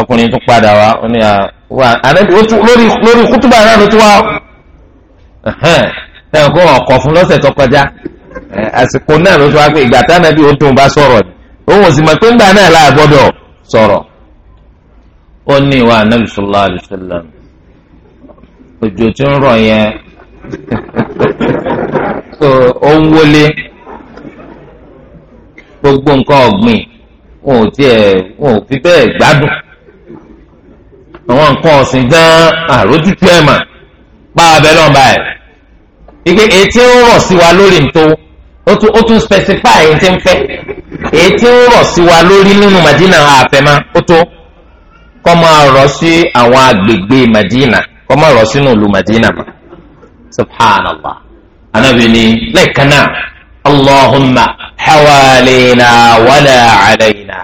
ọkùnrin tó padà wá ó ní àwọn ànábì ó tún lórí lórí kútùbà náà ló tún wá ẹ̀hún kó ọkọ̀ fún lọ́sẹ̀ tó kọjá àsìkò náà ló tún wá pé ìgbà tánábì ó tún bá sọ̀rọ̀ ni òun ò sì mọ̀ pé ńgbà náà láà gbọ́dọ̀ sọ̀rọ̀ ó ní ìwà ànábì sallallahu alaihi wasallam òjò tí ń rọ̀ yẹn so ó ń wọlé gbogbo nǹkan ọ̀gbìn wọn ò tiẹ̀ wọn ò fi bẹ́ẹ̀ gbádùn àwọn nǹkan ọ̀sìn gan-an àrójútù ẹ̀ mà pa abẹ́ náà báyìí. ike etí ń rọ̀ sí wa lórí ntó ó tún specify etí ń fẹ́ etí ń rọ̀ sí wa lórí nínú Madina àfẹ́má ó tó kọ́ máa rọ̀ sí àwọn agbègbè Madina kọ́ máa rọ̀ sínú ìlú Madina mà subhanallah anabi ni lẹ́ẹ̀kan náà allahumma hawalina wala alayna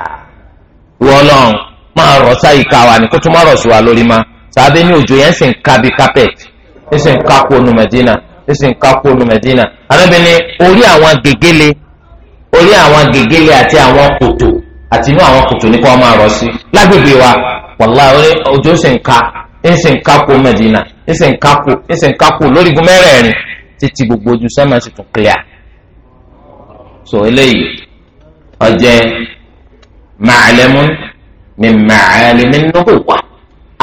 máa rọ̀ sáyìíká wa ní kó tó má rọ̀ sí wa lórí ma sàbẹ ní òjò yẹn sì ń ka bí carpet ń sì ń ka kó nu Medina ń sì ń ka kó nu Medina arábìnrin orí àwọn gègéle orí àwọn gègéle àti àwọn kòtò àti inú àwọn kòtò ní kó wọn máa rọ̀ sí lágbègbè wa wàláhì òjò sì ń ka ń sì ń ka kó Medina ń sì ń ka kó ń sì ń ka kó lórí igun mẹ́rẹ̀ẹ̀rin títí gbogbo ojú sẹ́mà sì tún clear so eléyìí ọjẹ́ màálẹ́mú min ma'alimin nubuwwa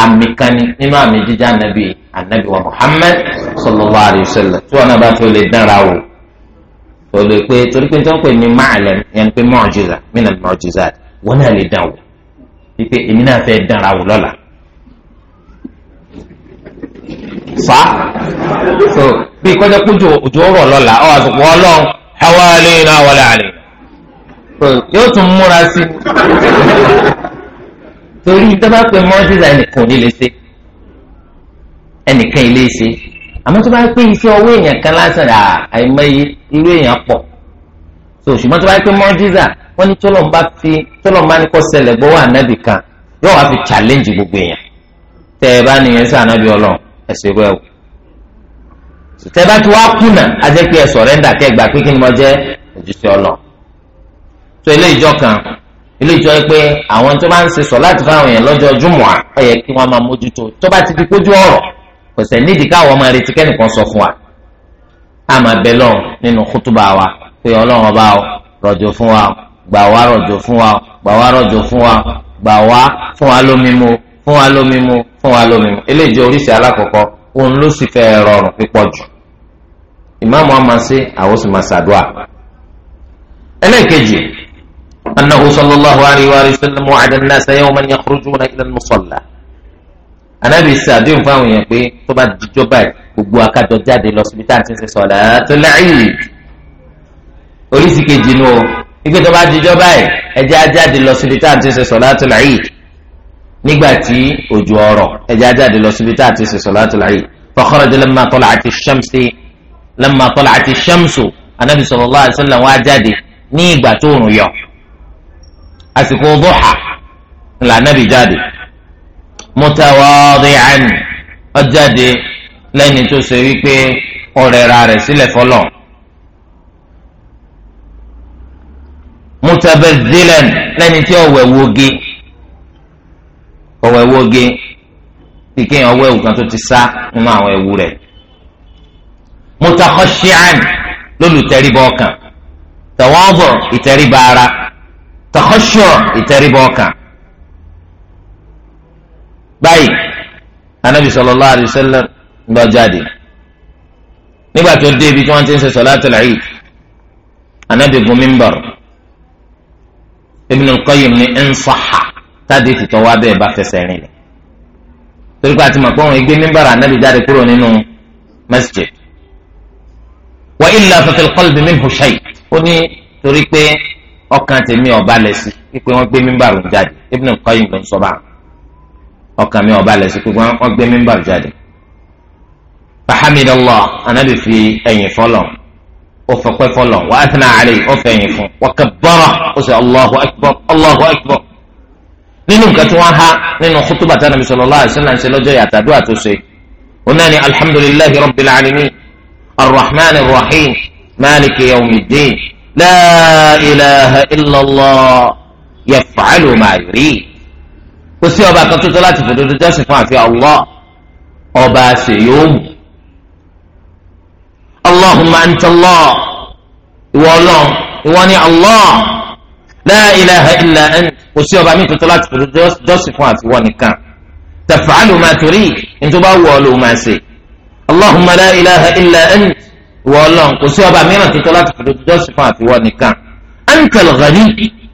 àmì kan ni nínú àmì jíjẹ́ ànábì ànábì wa Muhammad sallallahu alayhi wa sallam tí wọn náà bá tó lè dára o tó lè pé torí pé tó ń pè ní ma'alim yẹn pé mu'jiza min al-mu'jizat wọn náà lè dán o wípé èmi náà fẹ́ dára o lọ́la fa so bí kọjá kújò òjò rọ̀ lọ́la ọ̀ àsopọ̀ ọlọ́run hawa alẹ́ náà wọlé àlẹ́ yóò tún múra sí i torí ìtọ́ba pé mọ́sísà ẹnìkan ò ní lè ṣe ẹnìkan ilé ṣe àmọ́ tó bá pé iṣẹ́ ọwọ́ èèyàn kan lásán rà àìmọye irú èèyàn pọ̀ so ṣùgbọ́n tó bá pé mọ́sísà wọ́n ní tọ́lọ́mbà fi tọ́lọ́mbà ní kọ́ ṣẹlẹ̀ gbọ́wọ́ ànábì kan yóò wá fi challenge gbogbo èèyàn tẹ́ ẹ bá nìyẹn sí ànábì ọlọ́run ẹ̀sìn rẹ̀ wò tẹ́ ẹ bá ti wá kùnà á jẹ́ pé ẹ sọ̀rẹ́ńdà kẹ́ gbà pé kí ni mo jẹ́ òjíṣẹ́ ọlọ́run tó ilé ìjọ kan ilé ìjọ pé àwọn tó bá ń ṣe sọ láti fáwọn èèyàn lọ́jọ́ júmọ̀ọ́ ó yẹ kí wọ́n máa mójútó tó bá ti di kójú ọ̀rọ̀ kò nídìí káwọn máa retí kẹ́nìkan sọ fún wa a máa bẹ lọ́n nínú kútùbà wa pé ọlọ́run ọba ọ rọ̀jò fún wa gbà wá rọ̀jò fún wa gbà wá rọ̀jò fún wa gbà wá fún wa lómi mu fún wa lómi mu fún wa lómi mu ilé ìjọ oríṣi alákọ̀ọ́kọ́ òun ló sì fẹ́ rọrùn pípọ̀ jù ìmáàmù ọmọ sí àwọn sì máa ṣàdúrà ẹlẹ́ẹ̀kejì أنه صلى الله عليه وآله وسلم وعد الناس يوما يخرجون إلى المصلى anabi sàdéhùn fáwọn èèyàn pé tó bá dijọ́ báyìí gbogbo akájọ jáde lọ síbi tá à ń ti ṣe sọ̀látul Eid oríṣi kejì nu o wípé tó bá dijọ́ báyìí ẹjẹ́ ajáde lọ síbi tá à ń ti ṣe sọ̀látul Eid nígbà tí òjò ọ̀rọ̀ ẹjẹ́ ajáde lọ síbi tá à ń ti ṣe sọ̀látul Eid fa kharaja lamma tala'ati shamsi lamma tala'ati shamsu anabi sallallahu alaihi wasallam wá jáde ní ìgbà tó òòrùn yọ àsìkò bọ́hà ńlá nàbì jáde mutawadi'an ọjáde lẹ́ni tó ṣe wípé ọ̀rẹ́ ra rẹ̀ sílẹ̀ fọlọ́ mutabadhilan lẹ́ni tí ọ̀wẹ̀ woge ọ̀wẹ̀ woge bí kéèyàn ọwọ́ ẹ̀wù kan tó ti sá nínú àwọn ẹ̀wù rẹ̀ mutakhashi'an lólùtẹ̀ríbọ̀ ọkàn tawadu ìtẹ̀ríbọ̀ ara tàkọ́ṣọ̀ ìtẹríbọ̀ ọkàn. báyìí anabi sallallahu alaihi wasallam lọ jáde nígbà tó dé ibi tí wọ́n ti ń ṣe salatul Eid anabi gun mímbàr Ibn al-Qayyim ní ẹnfàá tádé tìtọ́ wá bẹ́ẹ̀ bá fẹsẹ̀ rìn lẹ̀ torí pé àti mọ̀ pé òun anabi jáde kúrò nínú masjid wa illa fa fil qalbi minhu shay ó ní torí pé ọkàn tèmi ọba lẹ sí pípé wọn gbé mímbàrú jáde Ibn Qayyim ló ń sọ báà ọkàn mi ọba lẹ sí pípé wọn gbé mímbàrú jáde. fahamidallah anabi fi ẹ̀yìn fọlọ ó fọpẹ́ fọlọ wa athna alayhi ó fẹ̀yìn fún wa kabbara ó sọ Allahu akbar Allahu akbar nínú nǹkan tí wọn há nínú khutuba tí anabi sallallahu alaihi wasallam ṣe lọ́jọ́ yàtàdúrà tó ṣe onani alhamdulillahi rabbil alamin arrahmanir rahim maliki yawmiddin la ilaha illallah yaf'alu ma yurid kò sí ọba kan tuntun láti fòdodo jọ́sìn fún àfi Allah ọba àṣẹ yóò mú Allahumma anta Allah ìwọ Ọlọ́run ìwọ ni Allah la ilaha illa ant kò sí ọba mi tuntun láti fòdodo jọ́sìn fún àfi wọn nìkan taf'alu ma turid nítorí bá wù ọ ló máa ṣe Allahumma la ilaha illa ant ìwọ ọlọ́run kò sí ọba mìíràn títọ́ láti fi dojú jọ́sìn fún àfiwọ́ nìkan antal ghani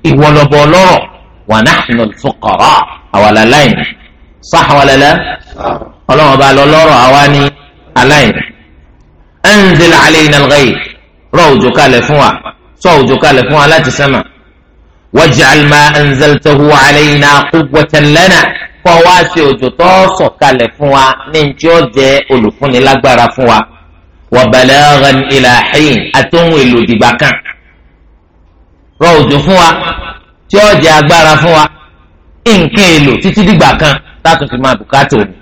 ìwọ lọ́bọ̀ ọlọ́rọ̀ wa nahnu al-fuqara àwàlà láìní sah àwàlẹ́lẹ́ ọlọ́run ọba lọ́lọ́rọ̀ àwa ní aláìní. anzil alayna al rọ òjò kalẹ̀ fún wa sọ òjò kalẹ̀ fún wa láti sẹ́mà waj'al ma anzaltahu alayna quwwatan lana kọ́ wá sí òjò tó sọ̀kalẹ̀ fún wa ní njọ́ jẹ́ olùfúnni lágbára fún wa wa balaghan ila hin àtòhun èlò dìgbà kan rọ òjò fún wa tí ó jẹ agbára fún wa nǹkan èlò títí dìgbà kan látún fi máa bùkátà òní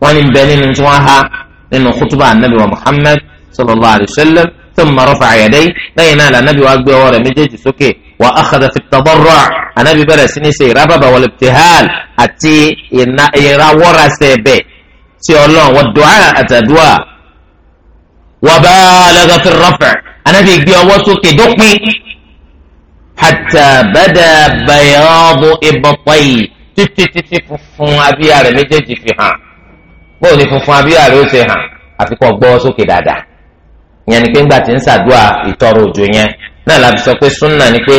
wọn ní bẹ nínú tí wọn há wa Muhammad sallallahu alayhi wa sallam thumma rafa'a yadayhi lẹ́yìn náà lànàbí wa gbé ọwọ́ rẹ̀ méjèèjì sókè wa akhadha fi tadarru' anabi bẹ̀rẹ̀ sí ní ṣe ìrábàbà wal ibtihal àti ìrawọ́rasẹ̀ bẹ̀ tí ọlọ́run wọ́n dùn àtàdúrà وبالغ في الرفع أنا في بيوسك دقي حتى بدا بياض إبطي títí títí funfun abíyá rẹ̀ méjèèjì fi hàn bóun ni funfun abíyá rẹ̀ ó ṣe hàn àfi kó gbọ́ sókè dáadáa ìyẹn ni pé ńgbà tí ń ṣàdúrà ìtọrọ òjò yẹn náà láti sọ pé súnà ni pé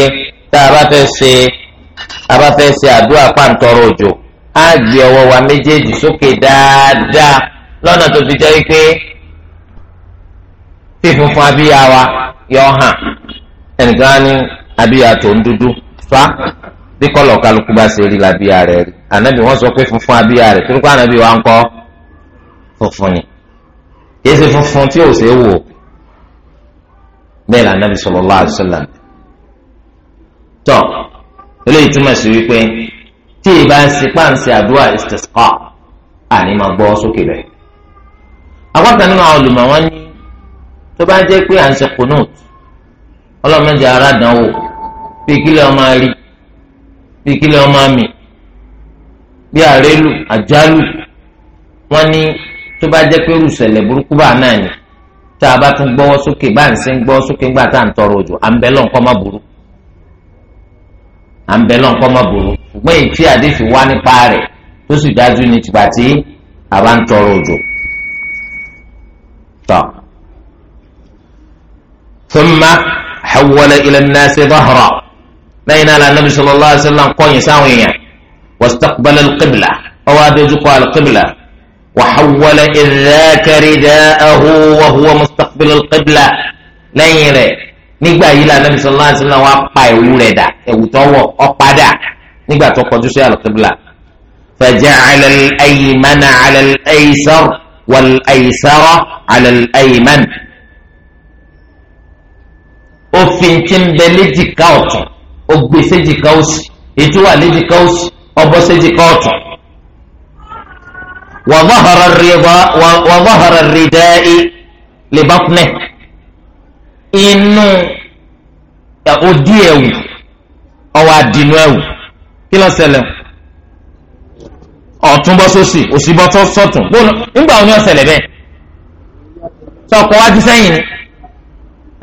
tá a bá fẹ́ ṣe a bá fẹ́ ṣe àdúrà pàǹtọrọ òjò á gbé ọwọ́ wa méjèèjì sókè dáadáa lọ́nà tó fi jẹ́ wípé tí funfun abíyá wa yọ hàn ẹnìkan ní abíyá tó ń dúdú fa bí kọlọ kálukú bá ṣe rí labíyá rẹ rí ànábì wọn sọ pé funfun abíyá rẹ torí pé wa ń kọ funfun yẹn kìí ṣe tí ò ṣe wò bẹ́ẹ̀ lànàbì sallallahu alaihi wasallam tọ eléyìí túmọ̀ sí wípé tí ìbá ń ṣe páǹsì àdúrà istisqa àní máa gbọ́ sókè rẹ̀ apá kan nínú àwọn olùmọ̀ wọn ní tó bá jẹ́ pé à ń ṣe kùnúùt ọlọ́mọdé ara dánwò bí kílẹ̀ ọmọ rí bí kílẹ̀ ọmọ mi bí àrélù àjálù wọn ní tó bá jẹ́ pé rùsẹ̀lẹ̀ burúkú bá náà ni tá a bá tún gbọ́wọ́ sókè bá ń sìn gbọ́wọ́ sókè ńgbà tá à ń tọrọ òjò à ń bẹ lọ́nkọ́ má burú à ń bẹ lọ́nkọ́ má burú ṣùgbọ́n èyí tí fi wá nípa rẹ̀ tó sì dájú ní tìgbà tí a bá ń tọrọ òjò. Stop. ثم حول إلى الناس ظهرا ما ينال النبي صلى الله عليه وسلم قوي ساويا واستقبل القبلة أو أدزقها القبلة وحول ذاك رداءه وهو مستقبل القبلة لينه نيجا إلى النبي صلى الله عليه وسلم وأبقى يولد أوتو أبدا نيجا تقدو سيا القبلة فجعل الأيمن على الأيسر والأيسر على الأيمن ó fi ti ń bẹ léjìká ọ̀tún ó gbé séjìká òsì ètò wà léjìká òsì ọbọ séjìká ọ̀tún. wa zahara ar-ridai li batnihi inú òdì ẹ̀wù ọwọ́ àdínú ẹ̀wù kí ló ṣẹlẹ̀ ọ̀tún bọ́ sósì òsì bọ́ sọ́tún nígbà wo ni ó bẹ́ẹ̀ sọ̀kọ̀ wájú sẹ́yìn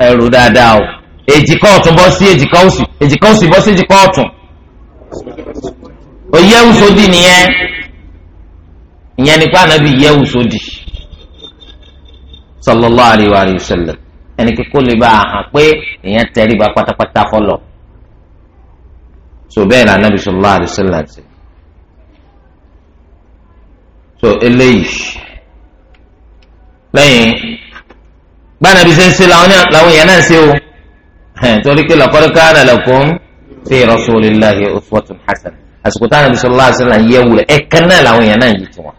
ẹ̀rù dáadáa o èjìká ọ̀tún bọ́ sí èjìká òsì èjìká òsì bọ́ sí èjìká ọ̀tún ó yẹ̀wù sódì nìyẹn ìyẹn nípa ànábì yẹ̀wù sódì sallallahu alayhi wa sallam ẹni kíkó lè bá a hàn pé ìyẹn tẹríba pátápátá fọlọ so bẹ́ẹ̀ ni ànábì sallallahu alayhi wa sallam ti so eléyìí lẹ́yìn gbanabi ṣe làwọn èèyàn náà ń ṣe o torí pé laqad kana lakum fi rasulillahi uswatun hasana àsìkò táwọn ibi sọlá àṣẹ náà yẹ wulẹ̀ ẹ kán náà làwọn èèyàn náà yìí tiwọn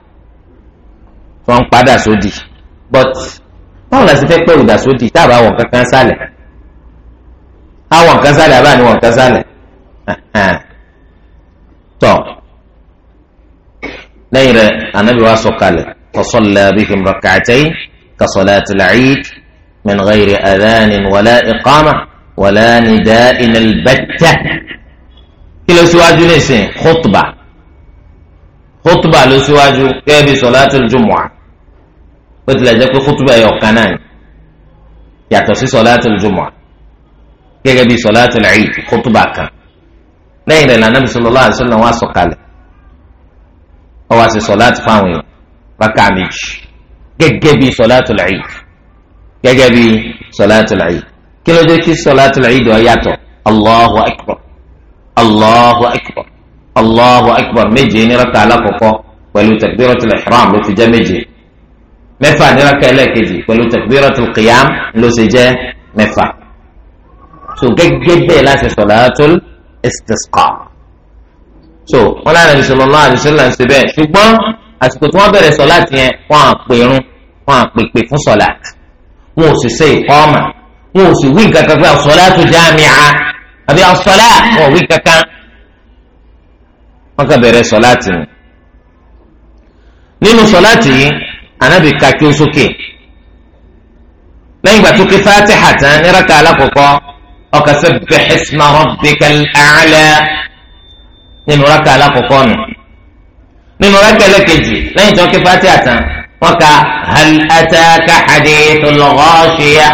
tí wọ́n ń padà sódì but báwo la fẹ́ pẹ́ ìdà sódì tá a bá wọn kankan sálẹ̀ á wọn kan sálẹ̀ àbá ni wọn kan sálẹ̀ tọ́ lẹ́yìn rẹ̀ anabi wa sọ kalẹ̀ fasalla bihim rak'atayn kasalati al-eid min ghayri adhanin wala iqama wala nidaa ila al-batta kí ló síwájú nísìn khutba khutba ló síwájú gẹ́gẹ́ bí solatul jumu'ah bó tilẹ̀ jẹ́ pé khutba yẹ ọ̀kan náà yàtọ̀ sí solatul jumu'ah gẹ́gẹ́ bí solatul eid khutba kan lẹ́yìn rẹ̀ lànà bisalòlá àṣìlò wọn sọ̀kalẹ̀ ọ wá sí sọ̀láàtì fáwọn èèyàn rákà méjì gẹ́gẹ́ bí sọ̀láàtì làyè gẹ́gẹ́ bí sọ̀láàtì làyè kí ló dé kí sọláàtúl ìdì ó yàtọ̀ allahu akbar allahu akbar allahu akbar méje ní rákà alákọ̀ọ́kọ́ pẹ̀lú takbiratul ihram ló fi jẹ́ méje mẹ́fà ní rákà ẹlẹ́ẹ̀kejì pẹ̀lú takbiratul qiyam ló sì jẹ́ mẹ́fà so gẹ́gẹ́ bẹ́ẹ̀ láti sọláàtúl istisqa so wọn lára sallallahu alaihi wasallam ṣe bẹ́ẹ̀ ṣùgbọ́n àsìkò tí wọ́n bẹ̀rẹ̀ sọláàtì yẹn wọ́n á wọn ò sì wí kankan pé as-salatu jami'a àbí as-salat wọn ò wí kankan wọn kà bẹ̀rẹ̀ sọláàtì ni nínú sọláàtì yìí anabi ka kí o sókè lẹ́yìn ìgbà tó ké fatiha tán ní raka alákọ̀ọ́kọ́ ó ka sabbih isma rabbikal a'la nínú raka alákọ̀ọ́kọ́ nù nínú raka ẹlẹ́kejì lẹ́yìn tó ké fatiha tán wọn ka hal ataka hadithul ghashiya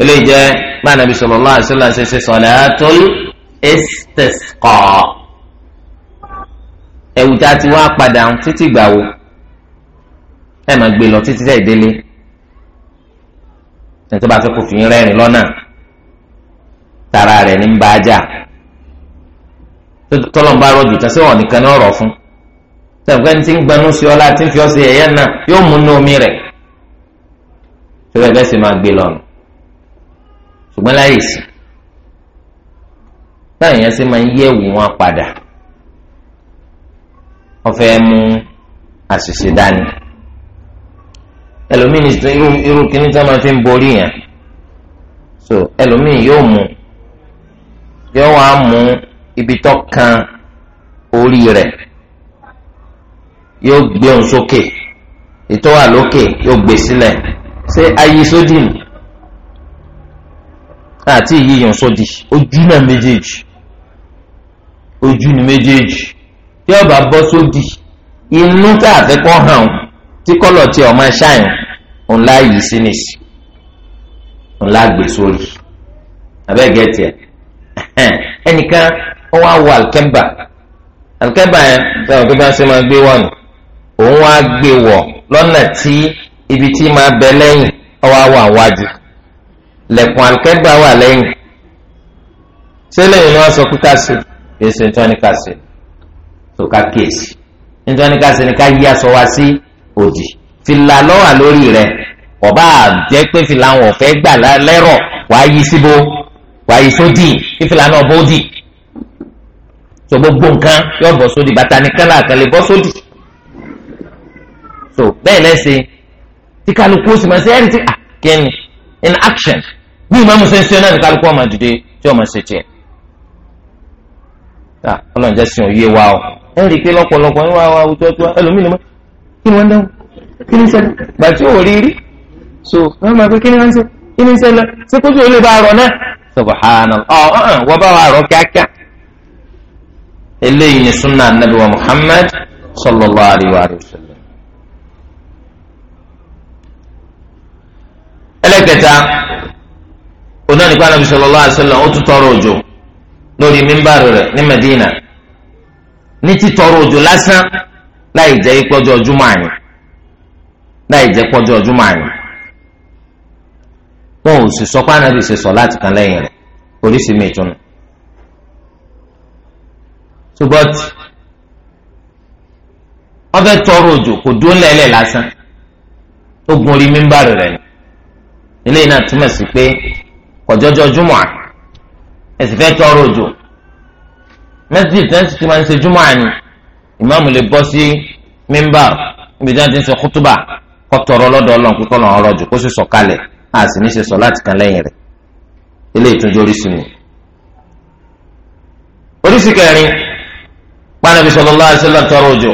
eléyìí jẹ́ bá nàbí sallallahu alaihi wasallam ṣe ṣe salatul istisqa ẹ̀wù tá a ti wá padà títí gbà wo ẹ̀ máa gbé lọ títí tẹ̀ délé ẹ̀ tó bá fẹ́ kó fi rẹ́rìn lọ́nà tara rẹ̀ ní bá a jà tọ́lọ́n bá rọ̀jù tán wọn nìkan ní ọ̀rọ̀ fún tẹ̀gbẹ́ ti ń gbanú sí ọlá tí fi ọ́ sí ẹ̀yẹ́ náà yóò mú inú omi rẹ̀ tó bẹ́ẹ̀ sì máa gbé lọ́nà ṣùgbọ́n láyè sí báyìí yẹn ṣe máa ń yẹ̀wò wọn padà wọ́n fẹ́ mú àṣìṣe dání ẹlòmíì irú kíní tí wọ́n máa fi ń borí yẹn so ẹlòmíì yóò mú yóò wá mú ibi tó kan orí rẹ̀ yóò gbé òun sókè ètò wà lókè yóò gbé sílẹ̀ ṣé ayé sódì nù àti ìyíyan sódì ojú náà méjèèjì ojú ni méjèèjì tí ọba bọ́ sódì inú tá a fẹ́ kọ́ hàn tí kọ́lọ̀ tí ọmọ ẹ ṣáàyàn òun láàyè sí nìsí òun láàgbè sórí abẹ́gẹ́ tiẹ̀ ẹnìkan wọ́n wá wọ alkemba alkemba yẹn sọ̀rọ̀ pé ṣe máa gbé wọ̀nù òun wá gbé wọ̀ lọ́nà tí ibi tí máa bẹ lẹ́yìn ọwọ́ àwọn àwájú lẹ̀kùn àlùkẹ́gbà wà lẹ́yìn sẹ́lẹ̀ yìí ni wọ́n sọ pé ká ṣe èso nítorí ká ṣe tó ká kéèsì nítorí ká ṣe ni ká yí aṣọ wa sí òdì fìlà lọ́wà lórí rẹ̀ ọba jẹ́ pé fìlà wọn fẹ́ gbà lẹ́rọ̀ wàá yí síbo wàá yí sódì kí fìlà náà bó dì so gbogbo nǹkan yóò bọ́ sódì bàtà nìkan làkàn lè bọ́ sódì so bẹ́ẹ̀ lẹ́sẹ̀ tí kálukú sì máa ṣe ẹ̀rí tí in action bí ìmọ̀ musa ń ṣe náà ní kálukú ọmọ dìde tí ọmọ ṣe tiẹ̀. ta ah, ọlọ́run jẹ́ sin òye wa o ẹ rí i pé lọ́pọ̀lọpọ̀ ń wá wa àwùjọ tó ẹlòmíì lè mọ kí ni wọ́n ń dáhùn kí ni ṣẹlẹ̀ gbà tí ò rí rí so wọ́n máa pé kí ni wọ́n ń ṣe kí ni ṣẹlẹ̀ ṣé kójú ò lè bá arọ náà subhanallah ọ̀ ọ̀hún wọ́n bá wa arọ kíákíá eléyìí ni sunna anabi wa muhammad ẹlẹ́kẹta onáà nípa anabi sallallahu alaihi wasallam ó tún tọrọ ojo lori mímbàrú rẹ̀ ní Medina ni títọrọ òjò lásán láì jẹ́ ìpọ́jọ́ ọdún ò sọ anabi sọ láti kan lẹ́yìn rẹ̀ polisi mi tún. ṣùgbọ́n wọ́n tọrọ kò dúró gun ni kọjọjọ júmọ ẹ sì fẹ́ tọrọ òjò mẹsìlì tí wọn sì máa ń ṣe júmọ àní ìmáàmù lè bọ́ sí mímbà níbi ti ń ṣe kútúbà kọ tọrọ lọ́dọ̀ Ọlọ́run ọrọ òjò kó sì sọ kalẹ̀ a sì ní ṣe sọ láti kan lẹ́yìn rẹ̀ ilé ìtúnjú oríṣi mi. oríṣi kẹrin pàànàbí sallallahu alaihi wasallam tọrọ òjò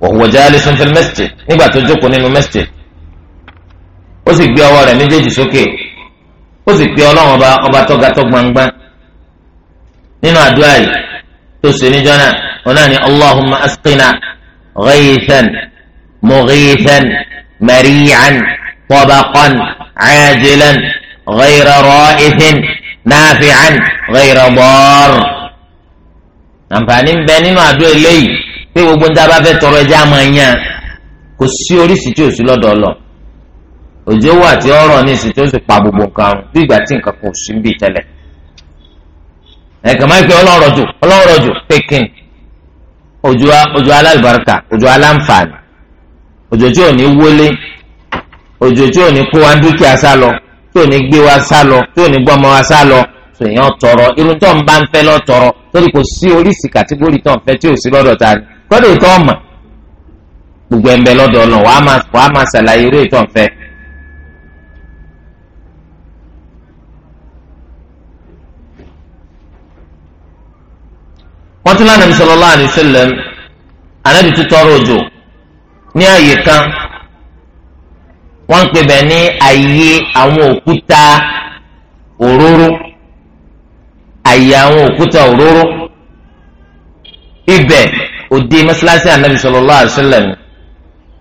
wa huwa jalisun fil masjid nígbà tó jókòó nínú masjid ó sì gbé ọwọ́ rẹ̀ méjèèjì sókè ó sì pe ọlọ́run ọba ọba tọ́gatọ́ gbangban nínú àdúrà yìí tó sì níjọ́ náà ọ̀nà ni allahumma asqina ghaythan mughithan mari'an tabaqan ajilan ghayra ra'ithin nafi'an ghayra dar. àǹfààní ń bẹ nínú àdúrà eléyìí pé gbogbo ń dábàá fẹ́ tọrọ ẹja máa ń kò sí oríṣi tí ò sí lọ́dọ̀ òjò wà tí ọ̀rọ̀ ní ìsìn tó sì pa gbogbo nǹkan rùn bí ìgbà tí nǹkan kò sí bí tẹ́lẹ̀ ẹ̀ka máa ń ala ọlọ́rọ̀ jù ọlọ́rọ̀ jù pékin òjò alálùbáríkà òjò aláǹfààní òjò tí ò ní wọlé òjò tí ò ní kó wa dúkìá sá lọ tí ò ní gbé wa sá lọ tí ò ní gbọ́mọ wa sá lọ tó èèyàn tọrọ irun tó ń bá ń gbogbo ẹ̀ ń bẹ lọ́dọ̀ ọ̀nà wàá máa ṣàlàyé wọ́n tún lánàá sallallahu alaihi wasallam ànábì tó tọrọ òjò ní àyè kan wọ́n ń pè bẹ́ẹ̀ ní àyè àwọn òkúta òróró àyè àwọn òkúta òróró ibẹ̀ òde mọ́sálásí ànábì sallallahu alaihi wasallam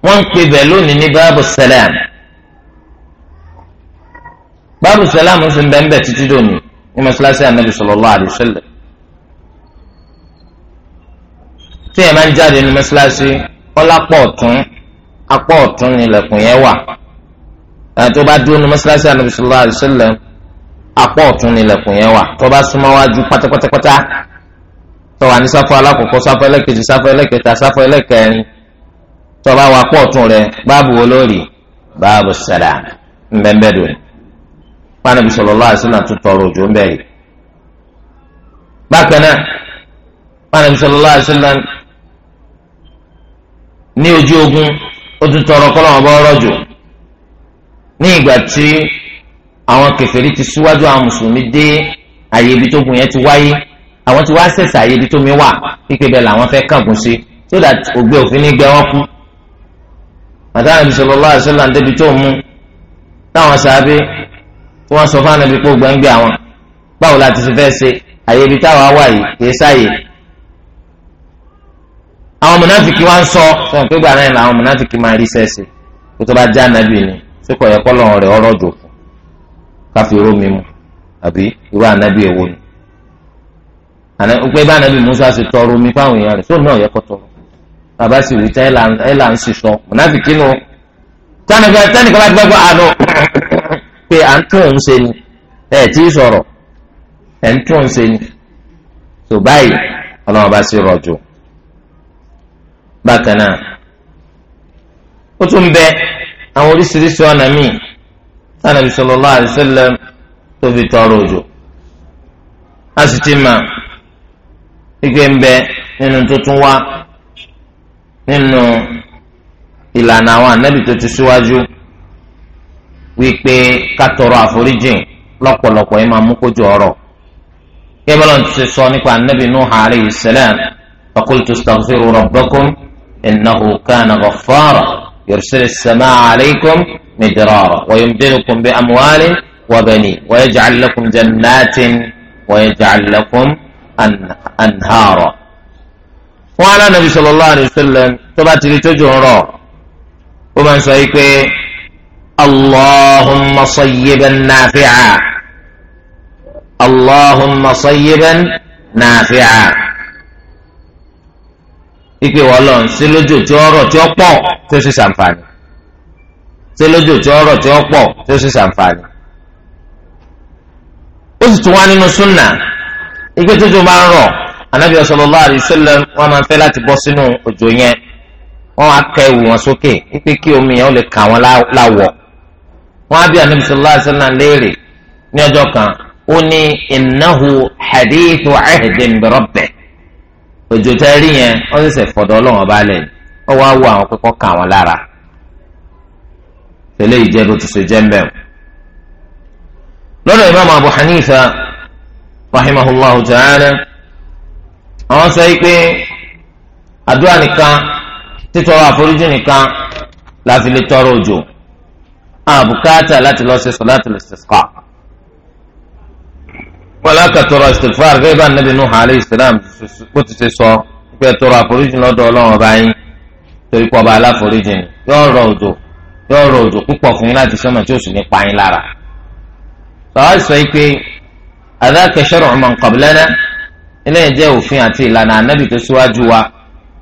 wọ́n ń pè bẹ́ẹ̀ lónìí ní báàbù sẹ́lẹ̀m báàbù sẹ́lẹ̀m ń sìn bẹ́ẹ̀ bẹ́ẹ̀ títí dòní ní mọ́sálásí ànábì sallallahu alaihi wasallam. tí yẹn máa ń jáde ní mọ́ṣáláṣí kọ́lápọ̀ ọ̀tún apá ọ̀tún ni ilẹ̀kùn yẹn wà tó bá dúró ní mọ́ṣáláṣí Ànábì sallallahu alaihi wasallam apá ọ̀tún ni ilẹ̀kùn yẹn wà tó bá súnmọ́ wájú pátápátápátá tó wà ní sáfọ́ alákòókò sáfọ́ ẹlẹ́kejì sáfọ́ ẹlẹ́kẹta sáfọ́ ẹlẹ́kẹrin tó bá wà apá ọ̀tún rẹ báàbù olórí báàbù sàlá mbẹ́mbẹ́dò Ànábì ní ojú ogun ó tún tọrọ kọ́ lọ́wọ́ bá ọrọ̀ jù ní ìgbà tí àwọn kèfèrí ti síwájú àwọn mùsùlùmí dé àyè ibi tó gun yẹn ti wáyé àwọn ti wá sẹ̀sẹ̀ àyè ibi tó mi wà pípé bẹ́ẹ̀ làwọn fẹ́ kàngùn sí so that ògbé òfin ní gbẹ wọn kú àtàwọn ibi sọlọ lọ́wọ́ àṣẹ làǹdẹ́ ibi tó mú táwọn sàábé tí wọ́n sọ fún ànábi pé gbẹ̀ngbẹ̀ àwọn báwo la ti fẹ́ ṣe àyè ibi táwọn wà yìí kì í sáyè àwọn mọ̀nàfìkì wa ń sọ fún un pé gbàrà yẹn làwọn mọ̀nàfìkì máa rí sẹ́ẹ̀sì kó tó bá já ànábì ni ṣé kò yẹ kọ́lọ́ rẹ̀ ọ̀rọ̀ jò fún káfí oró mi mu àbí irú ànábì èwo ni pé bá ànábì Musa ṣe tọrọ omi fáwọn èèyàn rẹ̀ tó náà yẹ kó tọrọ bàbá sì rí tẹ́ ẹ̀ ń sì sọ mọ̀nàfìkì nù tánìkan bá ti gbàgbọ́ àná pé à ń tún òun ṣe ni ẹ̀ tí ì sọ̀rọ̀ ẹ̀ ń tún òun ṣe ni bákan náà ó tún bẹ àwọn oríṣiríṣi ọ̀nà míì sanabi sallallahu tó fi tọrọ òjò a sì ti mà ike ń bẹ nínú tuntun wá nínú ìlànà àwọn ànábì tó ti síwájú wípé ká tọrọ àforíjìn lọ́pọ̀lọpọ̀ yìí máa mú kójú kí ẹ bá lọ́n ti sọ nípa إنه كان غفارا يرسل السماء عليكم مدرارا ويمدلكم بأموال وبنين ويجعل لكم جنات ويجعل لكم أنهارا وعلى النبي صلى الله عليه وسلم تبات لتجهر ومن سيك اللهم صيبا نافعا اللهم صيبا نافعا ipe wọ́n lọ sí lójú tí ọ̀rọ̀ tí ó pọ̀ tí ó sì ṣàǹfààní sí lójú tí ọ̀rọ̀ tí ó pọ̀ tí ó sì ṣàǹfààní. ó sì tún wá nínú súnà ipe tójú máa ń rọ̀ anabi sallallahu alaihi wasallam wọ́n máa ń fẹ́ láti bọ́ sínú òjò yẹn wọ́n á kẹ́ ewu wọn sókè ipe kí omi yẹn ó lè kà wọ́n láwọ̀ wọ́n á bí anabi sallallahu alaihi léèrè ní ọjọ́ kan ó ní innahu hadithu ahdin bi òjò tẹ́ rí yẹn wọ́n ṣẹ̀ṣẹ̀ fọ̀dọ̀ ọlọ́run ọba lẹ̀ ọ wá wo àwọn kọ́kọ́ kà wọ́n lára tẹ́lẹ̀ ìjẹ́ bó ti ṣe jẹ́ mbẹ́ lọ́dọ̀ ìmáàmù Abu Hanifa rahimahullahu ta'ala àwọn sọ pé àdúrà nìkan títọrọ àforíjì nìkan láti lè tọrọ òjò wàlá ka tọrọ istighfar gẹ́gẹ́ bá nàbì Nuh alayhi salam kó ti ṣe sọ pé tọrọ àforíjì lọ́dọ̀ ọlọ́run ọba yín torí pọ̀ ọba aláforíjì ni yóò rọ òjò yóò rọ òjò púpọ̀ fún yín láti sọ́mọ̀ tí ó sì ní pa yín lára. sọ̀rọ̀ sọ pé adhaka shar'u man qablana eléyìí òfin àti ìlànà ànábì tó síwájú wa